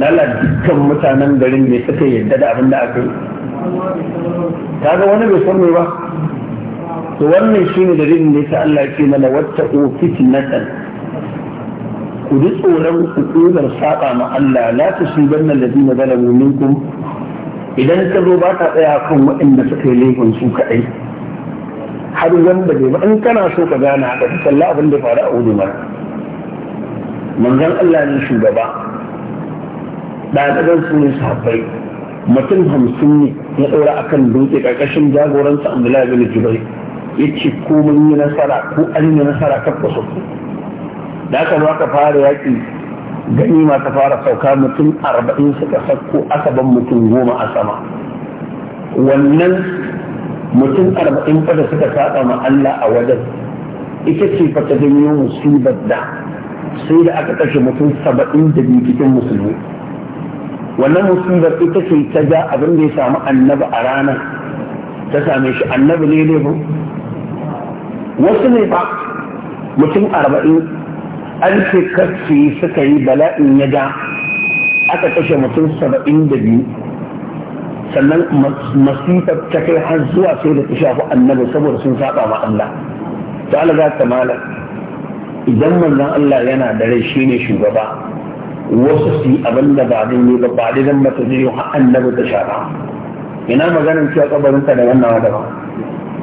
na la dukkan mutanen garin mai suka yarda da abin da aka yi kaga wani bai san ba to wannan shine dalilin da yasa Allah ya mana wattaqu fitnatan ku ji tsoron ku hukumar saba ma Allah la tusibanna alladhina zalamu minkum idan ka zo ba ka tsaya kan waɗanda suka yi laifin su kaɗai har wanda bai ba in kana so ka gana haka ka kalla abin da faru a Udumar manzon Allah ne shugaba da su sunan sahabbai mutum hamsin ne ya ɗora akan dutse ƙarƙashin jagoransa abdullahi bin jubai ya ce ko mun yi nasara ko an yi nasara kan ku da aka zo aka fara yaƙi gani ma ta fara sauka mutum arba'in suka sauko aka mutum goma a sama wannan mutum arba'in faɗa suka saba ma Allah a wajen ita ce fata janyo musibar da sai da aka kashe mutum saba'in da biyu cikin musulmi wannan musibar ita ce ta ja abin da ya samu annabi a ranar ta same shi annabi ne ne wasu ne ba mutum arba'in an ce suka yi bala'in ya ja aka kashe mutum saba'in da biyu sannan masifar ta kai har zuwa sai da ta shafi annabi saboda sun saba ma Allah ta Allah za ta idan manzon Allah yana da rai shine shugaba wasu su yi abin da ba ne ba ba da zan mata zai har annabi da shara ina maganin cewa kabarinsa da wannan da ba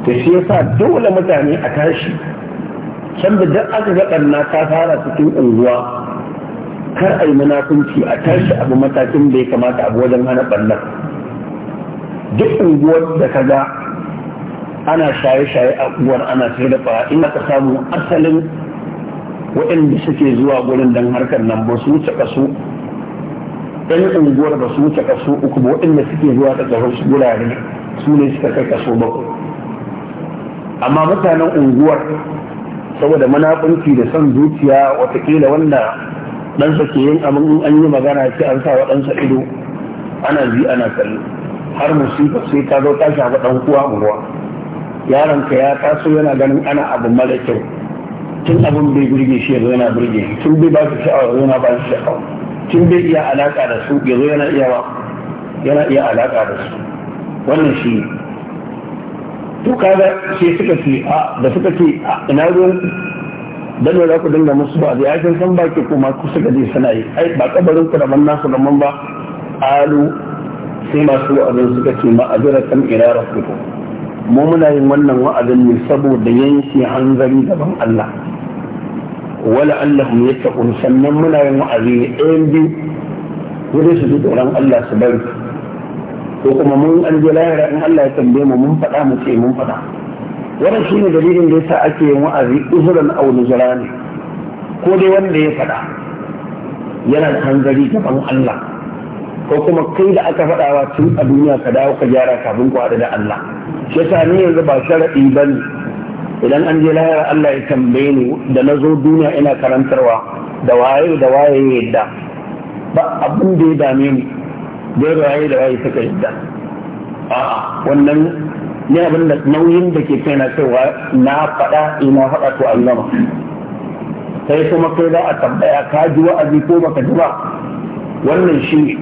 to shi yasa dole mutane a tashi can da duk aka ga na ta fara cikin unguwa kar a yi munafunci a tashi abu matakin da ya kamata abu wajen hana ɓannar duk unguwar da ka ga ana shaye-shaye a unguwar ana sai da fara ina ka samu asalin waɗanda suke zuwa gurin don harkar nan ba su wuce kaso ɗan unguwar ba su wuce kaso uku ba waɗanda suke zuwa ta tsaro su gurare su ne suka kai kaso ba amma mutanen unguwar saboda munafunci da son zuciya watakila wanda ɗansa ke yin abin in an yi magana sai an sa waɗansa ido ana bi ana kallo har musifa sai ta zo ta shafa ɗan kuwa unguwa yaronka ya taso yana ganin ana abu mara kyau tun abin bai burge shi yanzu yana burge tun bai ba su sha'awa yanzu yana ba su sha'awa tun bai iya alaƙa da su yanzu yana iya yana iya alaka da su wannan shi to kaga sai suka ce a da suka ce a ina ruwan dan da za ku dinga musu ba da yakin san ba ke kuma ku suka je suna yi ai ba kabarin ku su da daban ba alu sai masu wa'azin suka ce ma'aziratan ila rabbikum mu muna yin wannan wa'azin ne saboda yanke hanzari gaban Allah wala allahum yattaqun sannan muna yin wa'azi ne ɗayan biyu wurin su ji tsoron Allah su bari ko kuma mun an je lahira in Allah ya tambaye mu mun faɗa mu ce mun faɗa wannan shine dalilin da yasa ake yin wa'azi uzuran aw nuzrani ko dai wanda ya faɗa yana da hanzari gaban Allah ko kuma kai da aka faɗawa tun a duniya ka dawo ka gyara kafin ku haɗu da Allah shi yasa ni yanzu ba sharaɗi bane idan an je lahira Allah ya tambaye ni da na zo duniya ina karantarwa da waye da waye ya yadda ba abin da ya dame ni da da waye da waye suka yadda a'a wannan ne abin da nauyin da ke kaina na cewa na faɗa ina faɗa to an gama sai kuma kai za a tambaya ka ji wa'azi ko baka ji ba wannan shi ne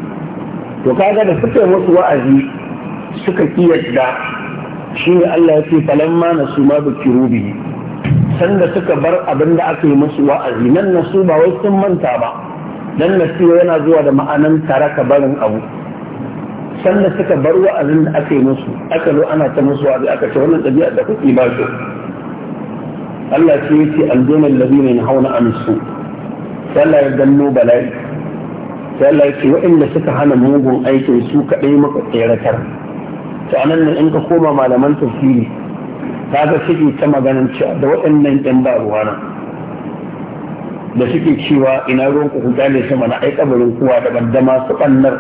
to kaga da suka musu wa'azi suka ki shi ne Allah ya ce falamma na su ma bukiru bihi sanda suka bar abin da aka yi musu wa'azi nan na su ba wai sun manta ba nan na su yana zuwa da ma'anan taraka barin abu sanda suka bar wa'azin da aka yi musu aka zo ana ta musu wa'azi aka ce wannan ɗabi'a da kuke ba shi Allah ce ya ce aljumal ladina yanhauna an su sai Allah ya danno bala'i sai Allah ya ce waɗanda suka hana mugun aikin su kadai muka tseratar to a nan in ka koma malaman tafsiri ta ga suke ta maganin cewa da waɗannan ɗan ba ruwana da suke cewa ina ruwan ku ne sama na ai kabarin kowa daban da masu ɓannar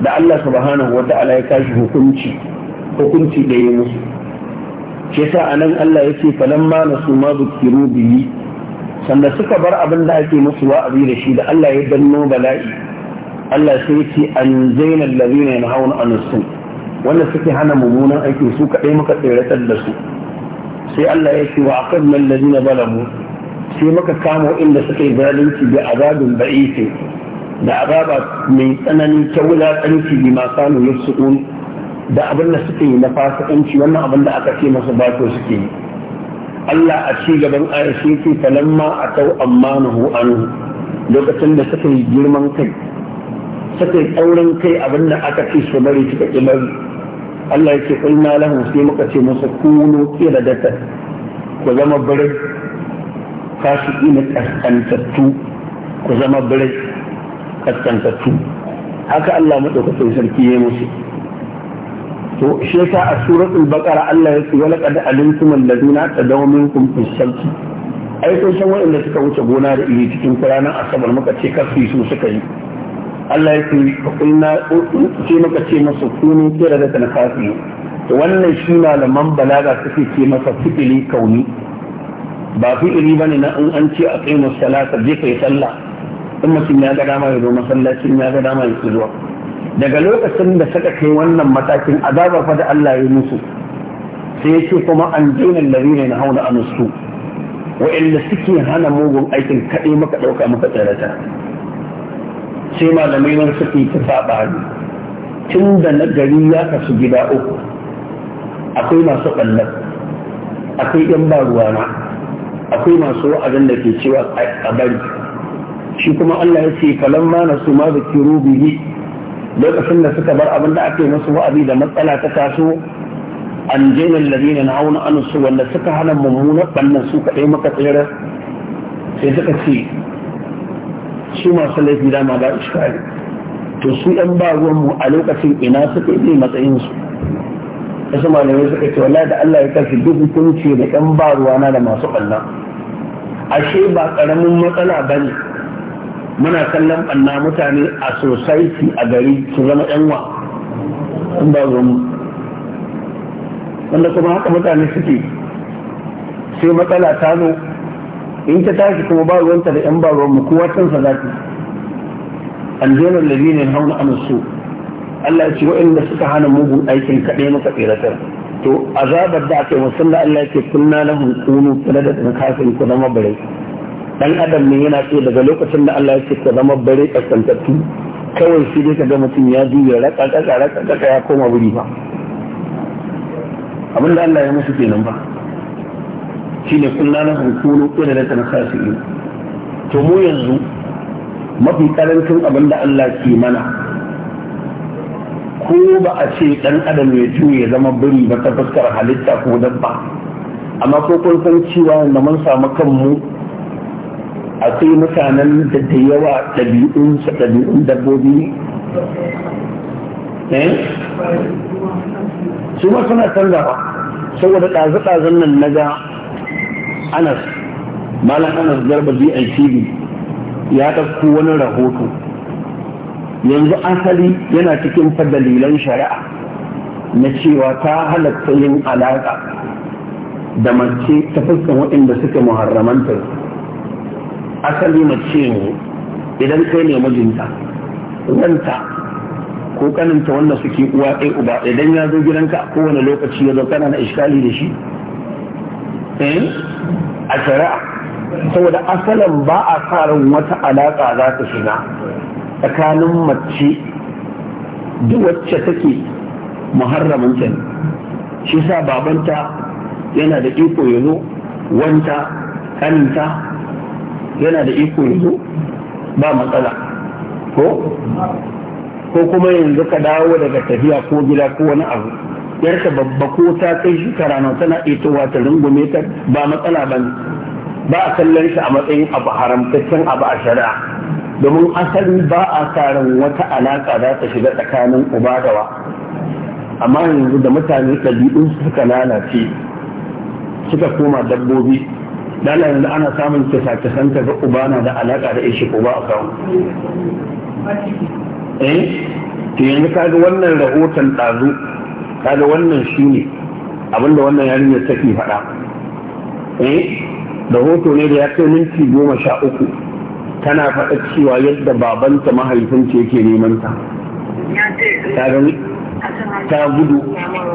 da Allah subhanahu wa ta'ala ya kashi hukunci hukunci da ya musu shi yasa Allah ya ce falamma nasu ma bukiru bihi sannan suka bar abin da ake musu wa'azi da shi da Allah ya danno bala'i Allah sai ya ce an zainal ladina na an sun wanda suke hana mummunan aiki su kaɗai muka tseratar da su sai Allah ya ce wa akan nan lazina balamu sai muka kamo inda suka yi zalunci da azabin ba'isi da azaba mai tsanani ta wulaƙanci bi ma samu yasukun da abin da suke yi na fasikanci wannan abin da aka ce masa bato suke yi Allah a ci gaban ayashi ce falamma a tau ammanahu anhu lokacin da suka yi girman kai suka yi tsaurin kai abin da aka ce su bari suka ƙi bari Allah ya ce kulna lahum sai muka ce musu kunu qiradatan ku zama birai fasiki ne kaskantattu ku zama birai kaskantattu haka Allah madaukakin sarki ya musu to shi yasa a suratul baqara Allah ya ce wala qad alimtum alladhina tadaw minkum fi shamsi ai kun san waɗanda suka wuce gona da iri cikin ranar asabar muka ce kafi su suka yi Allah ya ce kulna ce maka ce masa kunu kira da tanfasi wannan shi malaman balaga suke ce masa fitili kauni ba fi'ili bane na in an ce a kai musallata je kai sallah in mutum ya ga dama ya zo masallacin ya ga dama ya zuwa daga lokacin da suka kai wannan matakin azaba fa da Allah ya musu sai ce kuma an daina lalina na hauna anusu wa'anda suke hana mugun aikin kaɗai maka ɗauka maka tsarata sai malamai wani suke ta saɓani tun da na gari ya kasu gida uku akwai masu ɓallar akwai ɗan ba ruwana akwai masu wa'azin da ke cewa a bari shi kuma Allah ya ce kalan ma na su ma da kiro bihi lokacin da suka bar abin da aka masu wa'azi da matsala ta taso an jainar ladina na auna anusu wanda suka hana mummunan ɓannan su kaɗai maka tsirar sai suka ce su masu laifi dama ba iskari to su yan ba mu a lokacin ina suka yi matsayin su wasu malamai suka ce wala da Allah ya kafi duk hukunci da yan ba ruwana da masu ɓanna ashe ba ƙaramin matsala ba ne muna kallon ɓanna mutane a society a gari su zama yan wa in ba mu wanda kuma haka mutane suke sai matsala ta zo in ta tashi kuma ba ruwanta da 'yan ba ruwanmu kowa cansa za ta aljanar ne hauna an Allah ya ce waɗanda suka hana mugun aikin kaɗai muka tseratar to azabar da aka yi musamman Allah ya ce kunna lahum kunu kula da kafin ku zama bare dan adam ne yana ce daga lokacin da Allah ya ce ka zama bare kaskantattu kawai shi dai ka ga mutum ya juya raka raka raka ya koma wuri ba abinda Allah ya musu kenan ba shine kunna na hukunu kuna da su yi. to mu yanzu mafi karancin abin da Allah ke mana ko ba a ce dan adam ya juye zama biri ba ta fuskar halitta ko dabba amma ko kun san cewa da mun samu kanmu akwai mutanen da da yawa ɗabi'un su ɗabi'un dabbobi ne eh? su ma suna canza ba saboda ɗazu-ɗazun nan na ga anas malam anas garba bitv ya ɗauko wani rahoto yanzu asali yana cikin fa dalilan shari'a na cewa ta halatta yin alaƙa da mace ta fuskan waɗanda suke muharramanta asali mace ne idan kai ne mijinta ranta ko kaninta wanda suke uwa ɗaya uba idan ya zo gidanka a kowane lokaci ya zo kana na ishkali da shi Eh, a shari'a saboda asalin ba a karin wata alaƙa za ta shiga tsakanin mace da wacce take muharramanta ne shi sa babanta yana da iko ya zo wanta kaninta yana da iko ya zo ba matsala ko kuma yanzu ka dawo daga tafiya ko gida ko wani abu Yarta babba ko ta kai shekara nawa tana itowa ta rungume ta ba matsala ba ne ba a kallon shi a matsayin abu haramtaccen abu a shari'a domin asali ba a tsarin wata alaƙa za ta shiga tsakanin uba da wa amma yanzu da mutane ɗabi'un suka lalace suka koma dabbobi dala yanzu ana samun kisa-kisan ga uba na da alaƙa da ishi uba a kawo eh to yanzu kaga wannan rahoton ɗazu kaga wannan shi ne abinda wannan yarinyar take faɗa eh da hoto ne da ya kai minti goma sha uku tana faɗa cewa yadda babanta mahaifinta yake neman ta ta gani ta gudu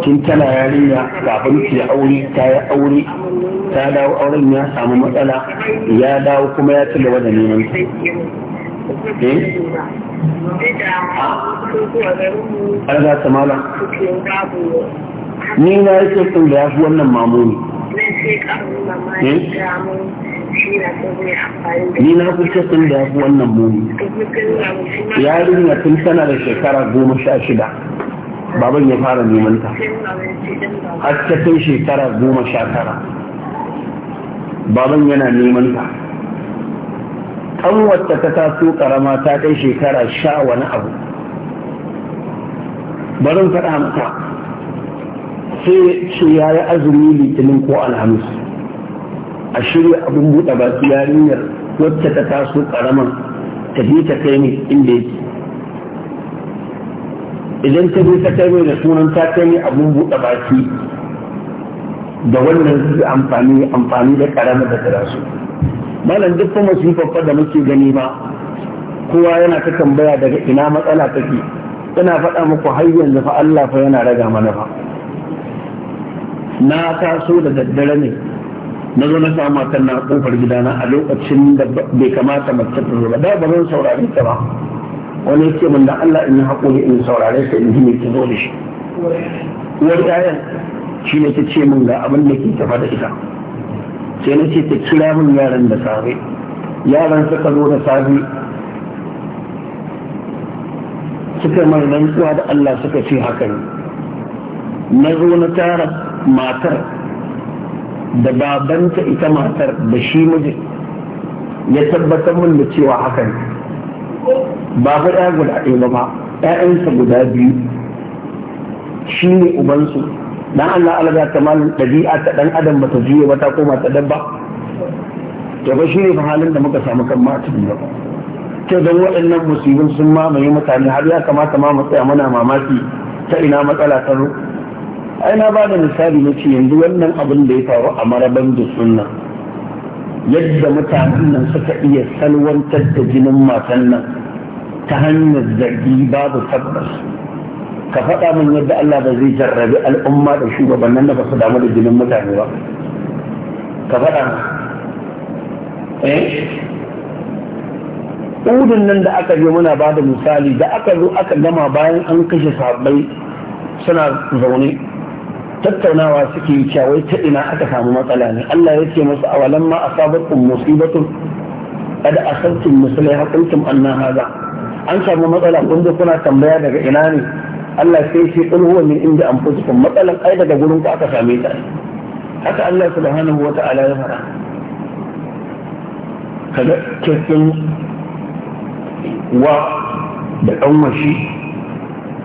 kin tana yarinya kafin ki aure ta yi aure ta dawo auren ya samu matsala ya dawo kuma ya ci gaba da neman ta eh, an za ta mala ni na yake sun da ya fi wannan mamuni ni eh? na fi sun da ya fi wannan muni yarinya tun tana da shekara goma sha shida baban ya fara neman ta har ta shekara goma sha tara baban yana neman ta an wacce ta taso karama ta kai shekara sha wani abu barin faɗa maka sai ce ya yi azumi litinin ko alhamis a shirya abin buɗe baki yarinyar wacce ta taso karaman ta bi ta kai ne inda yake idan ta bi ta kai ne da sunan ta kai ne abin buɗe baki da wannan amfani amfani da karama da ta taso malam duk kuma su da muke gani ba kowa yana ta tambaya daga ina matsala take ina faɗa muku har yanzu fa Allah fa yana raga mana fa na taso da daddare ne na zo na sa na kofar gidana a lokacin da bai kamata mace ta zo ba da ba zan saurare ta ba wani yake min da Allah in haƙuri in saurare ta in ji me ki zo da shi uwar 'ya'yan shi ne ta ce min ga abin da ke tafa da ita sai na ce ta kira min yaran da safe yaran suka zo da safe suka mai rantsuwa da Allah suka ce haka ne na zo na tara matar da babanta ita matar da shi mijin ya tabbatar min da cewa haka ne ba fa ɗaya guda ɗaya ba ‘ya'yansa guda biyu shi ne ubansu dan Allah Allah ya kamal dabi'a ta dan adam bata juye ba ta koma ta dabba to ba shine halin da muka samu kan mata ba to dan waɗannan musibin sun mamaye mutane har ya kamata ma mu tsaya muna mamaki ta ina matsala ta ru ai na bada misali na ce yanzu wannan abin da ya faru a maraban da sunna yadda mutanen nan suka iya salwantar da jinin matan nan ta hanyar zargi babu tabbas ka faɗa min yadda Allah ba zai jarrabi al'umma da shugabannin da ba su damu da jinin mutane ba ka faɗa eh udun nan da aka je muna ba da misali da aka zo aka gama bayan an kashe sabbai suna zaune tattaunawa suke yi kyawai ta ina aka samu matsala ne Allah ya ce musu awalan ma asabakum musibatun kada asabtum musulai hakuntum anna haza an samu matsala kun kuna tambaya daga ina ne Allah sai shi qul huwa min inda anfusikum matsalan ai daga gurin ku aka same ta haka Allah subhanahu wa ta'ala ya fara kada kirkin wa da dan washi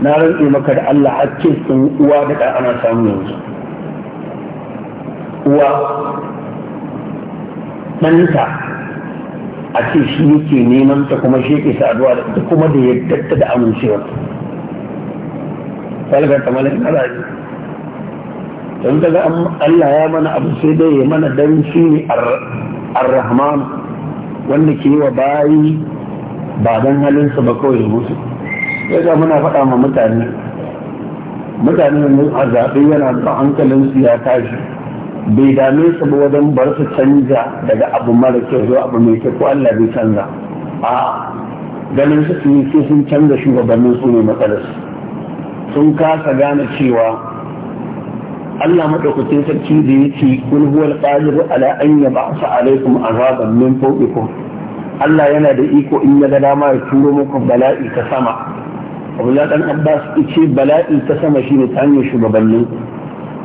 na rantse maka da Allah hakkin sun uwa da da ana samu yanzu uwa ɗanta a ce shi yake neman ta kuma shi yake saduwa da kuma da yadda da amincewa falga ta malin karaji don daga Allah ya mana abu sai dai ya mana don shi ne ar-rahman wanda ke wa bayi ba don halinsa ba kawai mutu. ya ga muna faɗa ma mutane mutane mun a zaɓe yana da hankalinsu ya tashi bai dame su ba wajen bar su canja daga abu mara kyau zuwa abu mai kyau ko Allah bai canza a ganin su sun yi sun canza shugabannin su ne matsalarsu sun kasa gane cewa Allah madaukakin sarki da yake kul huwal qadir ala an yab'atha alaikum azaban min fawqikum Allah yana da iko in ya ga dama ya turo muku bala'i ta sama Abdullah Ɗan Abbas ce bala'i ta sama shine ta hanyar shugabanni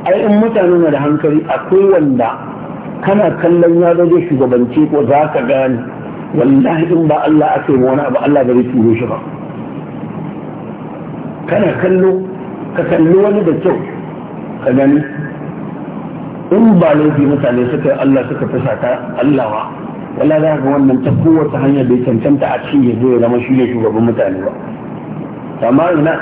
ai in mutane na da hankali akwai wanda kana kallon ya zo shugabanci ko za ka gane wallahi in ba Allah aka yi wani abu Allah ba zai turo shi ba kana kallo ka kalli wani da kyau ka gani in ba laifi mutane suka yi Allah suka fi sata Allah wa wala za ga wannan ta kowace hanya bai cancanta a cikin yanzu ya zama shi ne shugaban mutane ba amma ina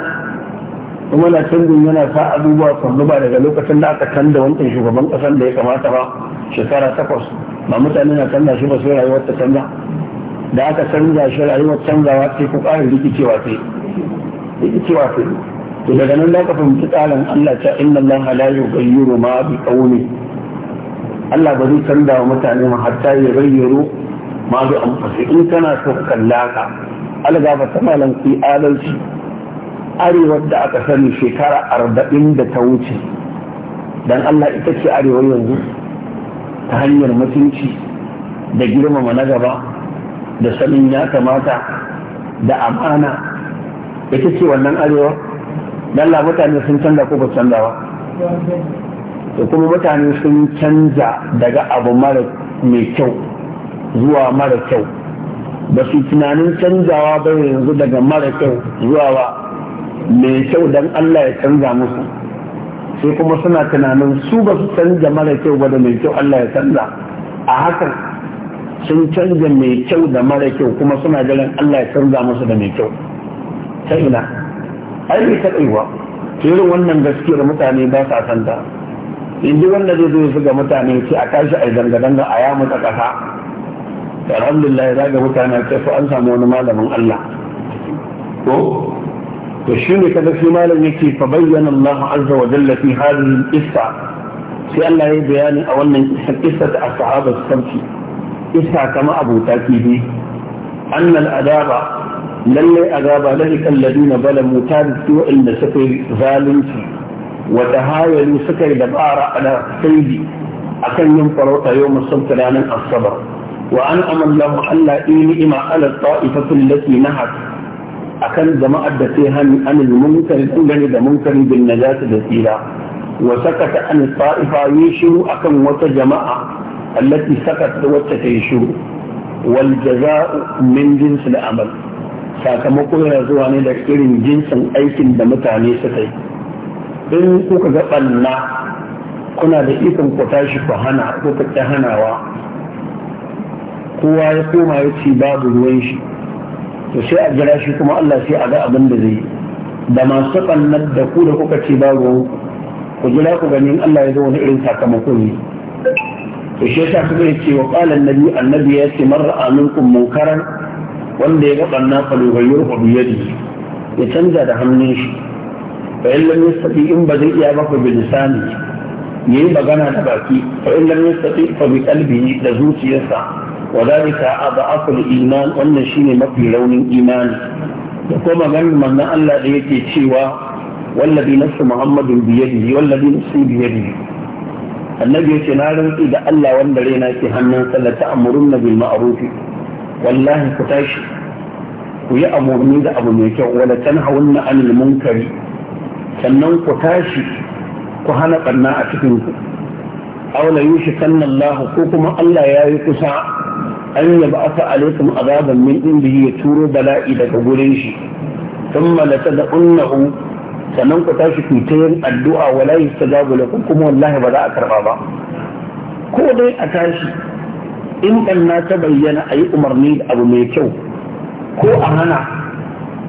kuma na canjin yana sa abubuwa kwallo ba daga lokacin da aka canza wancan shugaban kasan da ya kamata ba shekara takwas ba mutane na canza shi ba sai rayuwar ta canza da aka canza shi rayuwar canzawa sai ku ƙara rikicewa sai ke cewa kai to daga nan ka fahimci tsarin Allah ta inna Allah la yughayyiru ma bi qawmi Allah ba zai canza wa mutane ma hatta ya gayyaro ma bi anfusi in kana so kallaka Allah ba ta malan ku adalci arewar da aka sani shekara arba'in da ta wuce dan Allah ita ce arewa yanzu ta hanyar mutunci da girmama na gaba da sanin ya kamata da amana ita ce wannan arewa la mutane sun canza ko ba canza ba da kuma mutane sun canza daga abu mara mai kyau zuwa mara kyau ba su tunanin canzawa ba yanzu daga mara kyau zuwa ba mai kyau don Allah ya canza musu sai kuma suna tunanin su ba su canza mara kyau ba da mai kyau Allah ya canza a hakan sun canza mai kyau da mara kyau kuma suna jiran Allah ya canza musu da mai kyau ta ina ai bai taɓa irin wannan gaskiyar mutane ba sa san ta inda wanda zai zo ga mutane ce a tashi a zanga-zanga a yamu ta ƙasa alhamdulillah za ga mutane ce fa an samu wani malamin Allah ko to shi ne kada shi malam yake fa bayyana Allah azza wa jalla fi hadhihi al-qissa sai Allah ya bayani a wannan qissa ta ashabus sabti qissa kama abuta kibi annal adaba lallai azaba lahikan ladina balamu da rufe inda suka yi zalunci wata hayalu suka yi dabara ala saidi akan yin farauta yau musamman ranar asabar wa an amallahu Allah ini ima ala ta'ifatul lati nahat akan jama'ar da sai hannu, an munkari dangane da munkari bin najasa da tsira wa sakata an ta'ifa yi shiru akan wata jama'a allati sakat wacce ta yi shiru wal jaza'u min jinsi da amal sakamako yana zuwa ne da irin jinsin aikin da mutane suka yi in kuka ga ɓanna kuna da ikon ku tashi ku hana ko ku ta hanawa kowa ya koma ya ci babu ruwan shi to sai a jira shi kuma Allah sai a ga abin da zai da masu ɓannar da ku da kuka ci babu ruwan ku jira ku ganin Allah ya zo wani irin sakamako ne to shi kuma ya ce wa ƙalan nabi annabi ya ce mar'a minkum munkaran wanda ya gaban na falubayyar biyar ya canza da hannun shi bayan lam yastati in ba zai iya ba ku bilisani yayi magana da baki fa in lam yastati fa bi qalbihi da zuciyarsa wa dalika adhafu al-iman wannan shine mafi raunin imani da kuma maganar manzon Allah da yake cewa wallabi nafsu muhammadun biyadihi wallabi nafsi biyadihi annabi yace na rantsi da Allah wanda raina ke hannun sallah ta amurunna bil ma'ruf wallahi ku tashi ku yi amurni da abu mai kyau wala tanhawunna anil munkari sannan ku tashi ku hana ɓanna a cikin ku aula yushi sanallahu ko kuma Allah ya yi kusa an yaba aka alaikum azaban min indihi ya turo bala'i daga gurin shi thumma latad'unnahu sannan ku tashi ku ta yin addu'a wala yastajabu lakum kuma wallahi ba za a karba ba ko dai a tashi in ɓanna ta bayyana a yi umarni da abu mai kyau ko a hana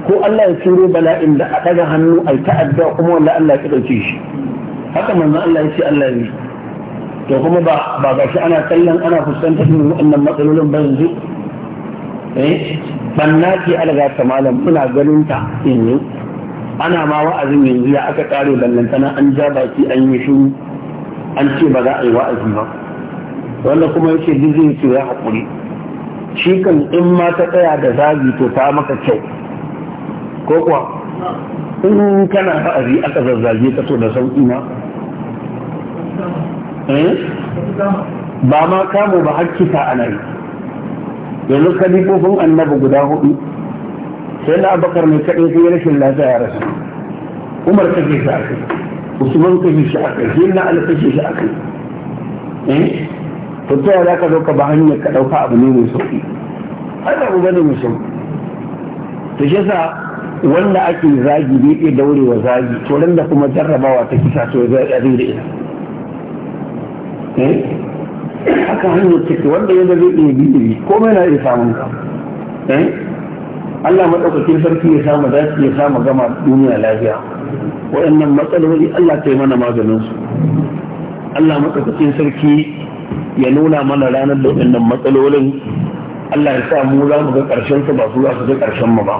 ko Allah ya turo bala'in da a ɗaga hannu a ta'adda kuma wanda Allah ya ɗauke shi haka manzo Allah ya ce Allah ne to kuma ba ba ga shi ana kallon ana fuskantar irin waɗannan matsalolin ba yanzu eh banna ce alaga ta malam muna ganin ta yanzu ana ma wa'azin yanzu ya aka kare ballantana an ja baki an yi shiru an ce ba za a yi wa'azi ba wanda kuma yake duk zai ce ya haƙuri shi kan in ma ta tsaya da zagi to ta maka kyau ko kuwa in kana ha'azi aka zazzage ka to da sauƙi ma eh? ba ma kamo ba ta a nan yanzu kalifofin annabi guda hudu sai na abakar mai kaɗai sai rashin lafiya ya rasu umar kake shi a kai usman kake shi a kai sai na ala kake shi a kai eh? to ta za ka zo ka ba hanyar ka ɗauka abu ne mai sauƙi Allah ku mai sauƙi to shi wanda ake zagi daurewa zagi to ran da kuma jarrabawa ta kisa to eh? zai iya zai da ita haka hanyar ciki wanda yadda zai iya biyu komai na iya samun ka eh? Allah maɗaukakin sarki ya samu dace ya samu gama duniya lafiya waɗannan matsaloli Allah ta yi mana maganinsu su Allah maɗaukakin sarki ya nuna mana ranar da waɗannan matsalolin Allah ya sa mu za mu ga ƙarshen su ba su za su ga ƙarshen mu ba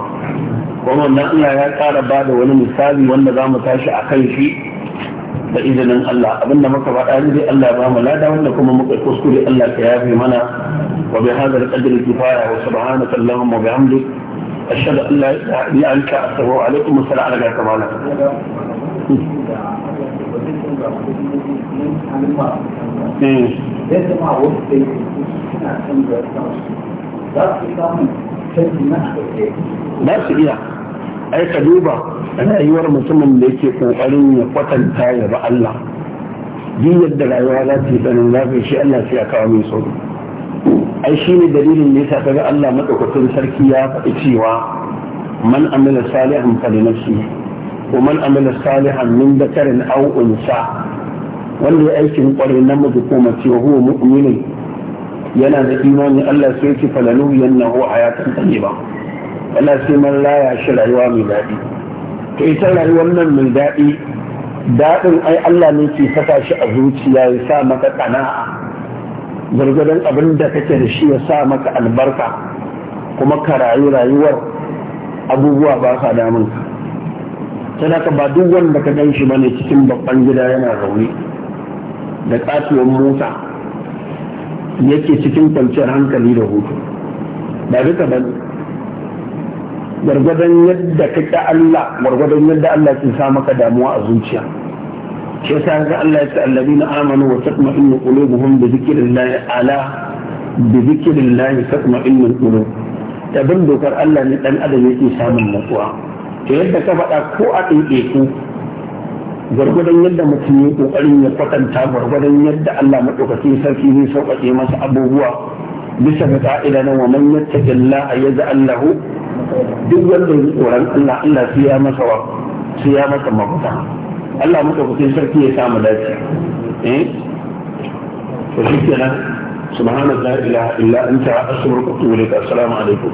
kuma wannan Allah ya ƙara ba da wani misali wanda za mu tashi a kan shi da izinin Allah abinda muka faɗa dai Allah ya ba mu lada wanda kuma muka kuskure Allah ya yafe mana wa bi hadha al-qadri kifaya wa subhanaka allahumma wa bihamdik ashhadu an la ilaha illa anta astaghfiruka wa alaikum assalam ala kamala Mm. Hmm. ya zama wasu da yake suna son da za su samun canji na ba su iya ai ka duba rayuwar mutumin da yake kokarin ya kwatanta ya ba Allah duk yadda rayuwa za ta yi tsanin zafi shi Allah sai ya kawo mai tsoro ai shi ne dalilin da yasa kaga Allah madaukakin sarki ya faɗi cewa man amila salihan fa li nafsihi wa man amila salihan min dakarin au'unsa". wanda ya aikin kwarai namiji ko ce wa huwa mu'minin yana da imani Allah sai ki falalu yannahu hayatan tayyiba Allah sai man laya shi rayuwa mai daɗi to ita rayuwar nan mai daɗi daɗin ai Allah ne ke saka shi a zuciya ya sa maka kana'a gargadon abin da kake da shi ya sa maka albarka kuma ka rayu rayuwar abubuwa ba sa damun ka ba duk wanda ka gan shi ne cikin babban gida yana zaune da kasuwan mota yake cikin kwanciyar hankali da hutu ba duka ba gwargwadon yadda ka ƙi Allah gwargwadon yadda Allah ke sa maka damuwa a zuciya Ke yasa ga Allah ya ce allazina amanu wa tatma'innu qulubuhum bi dhikrillahi ala bi dhikrillahi tatma'innu qulub abin dokar Allah ne dan adam yake samun natsuwa to yadda ka faɗa ko a ɗaiɗaiku gwargwadon yadda mutum ya kokarin ya kwatanta gwargwadon yadda Allah maɗaukaki sarki zai sauƙaƙe masa abubuwa bisa ga ka'ida na wa man yattaqilla ayaza Allahu duk wanda ya tsoron Allah Allah sai ya masa wa sai ya masa mafita Allah maɗaukaki sarki ya samu dace eh to subhanallahi la ilaha illa anta astaghfiruka wa atubu ilaik assalamu alaikum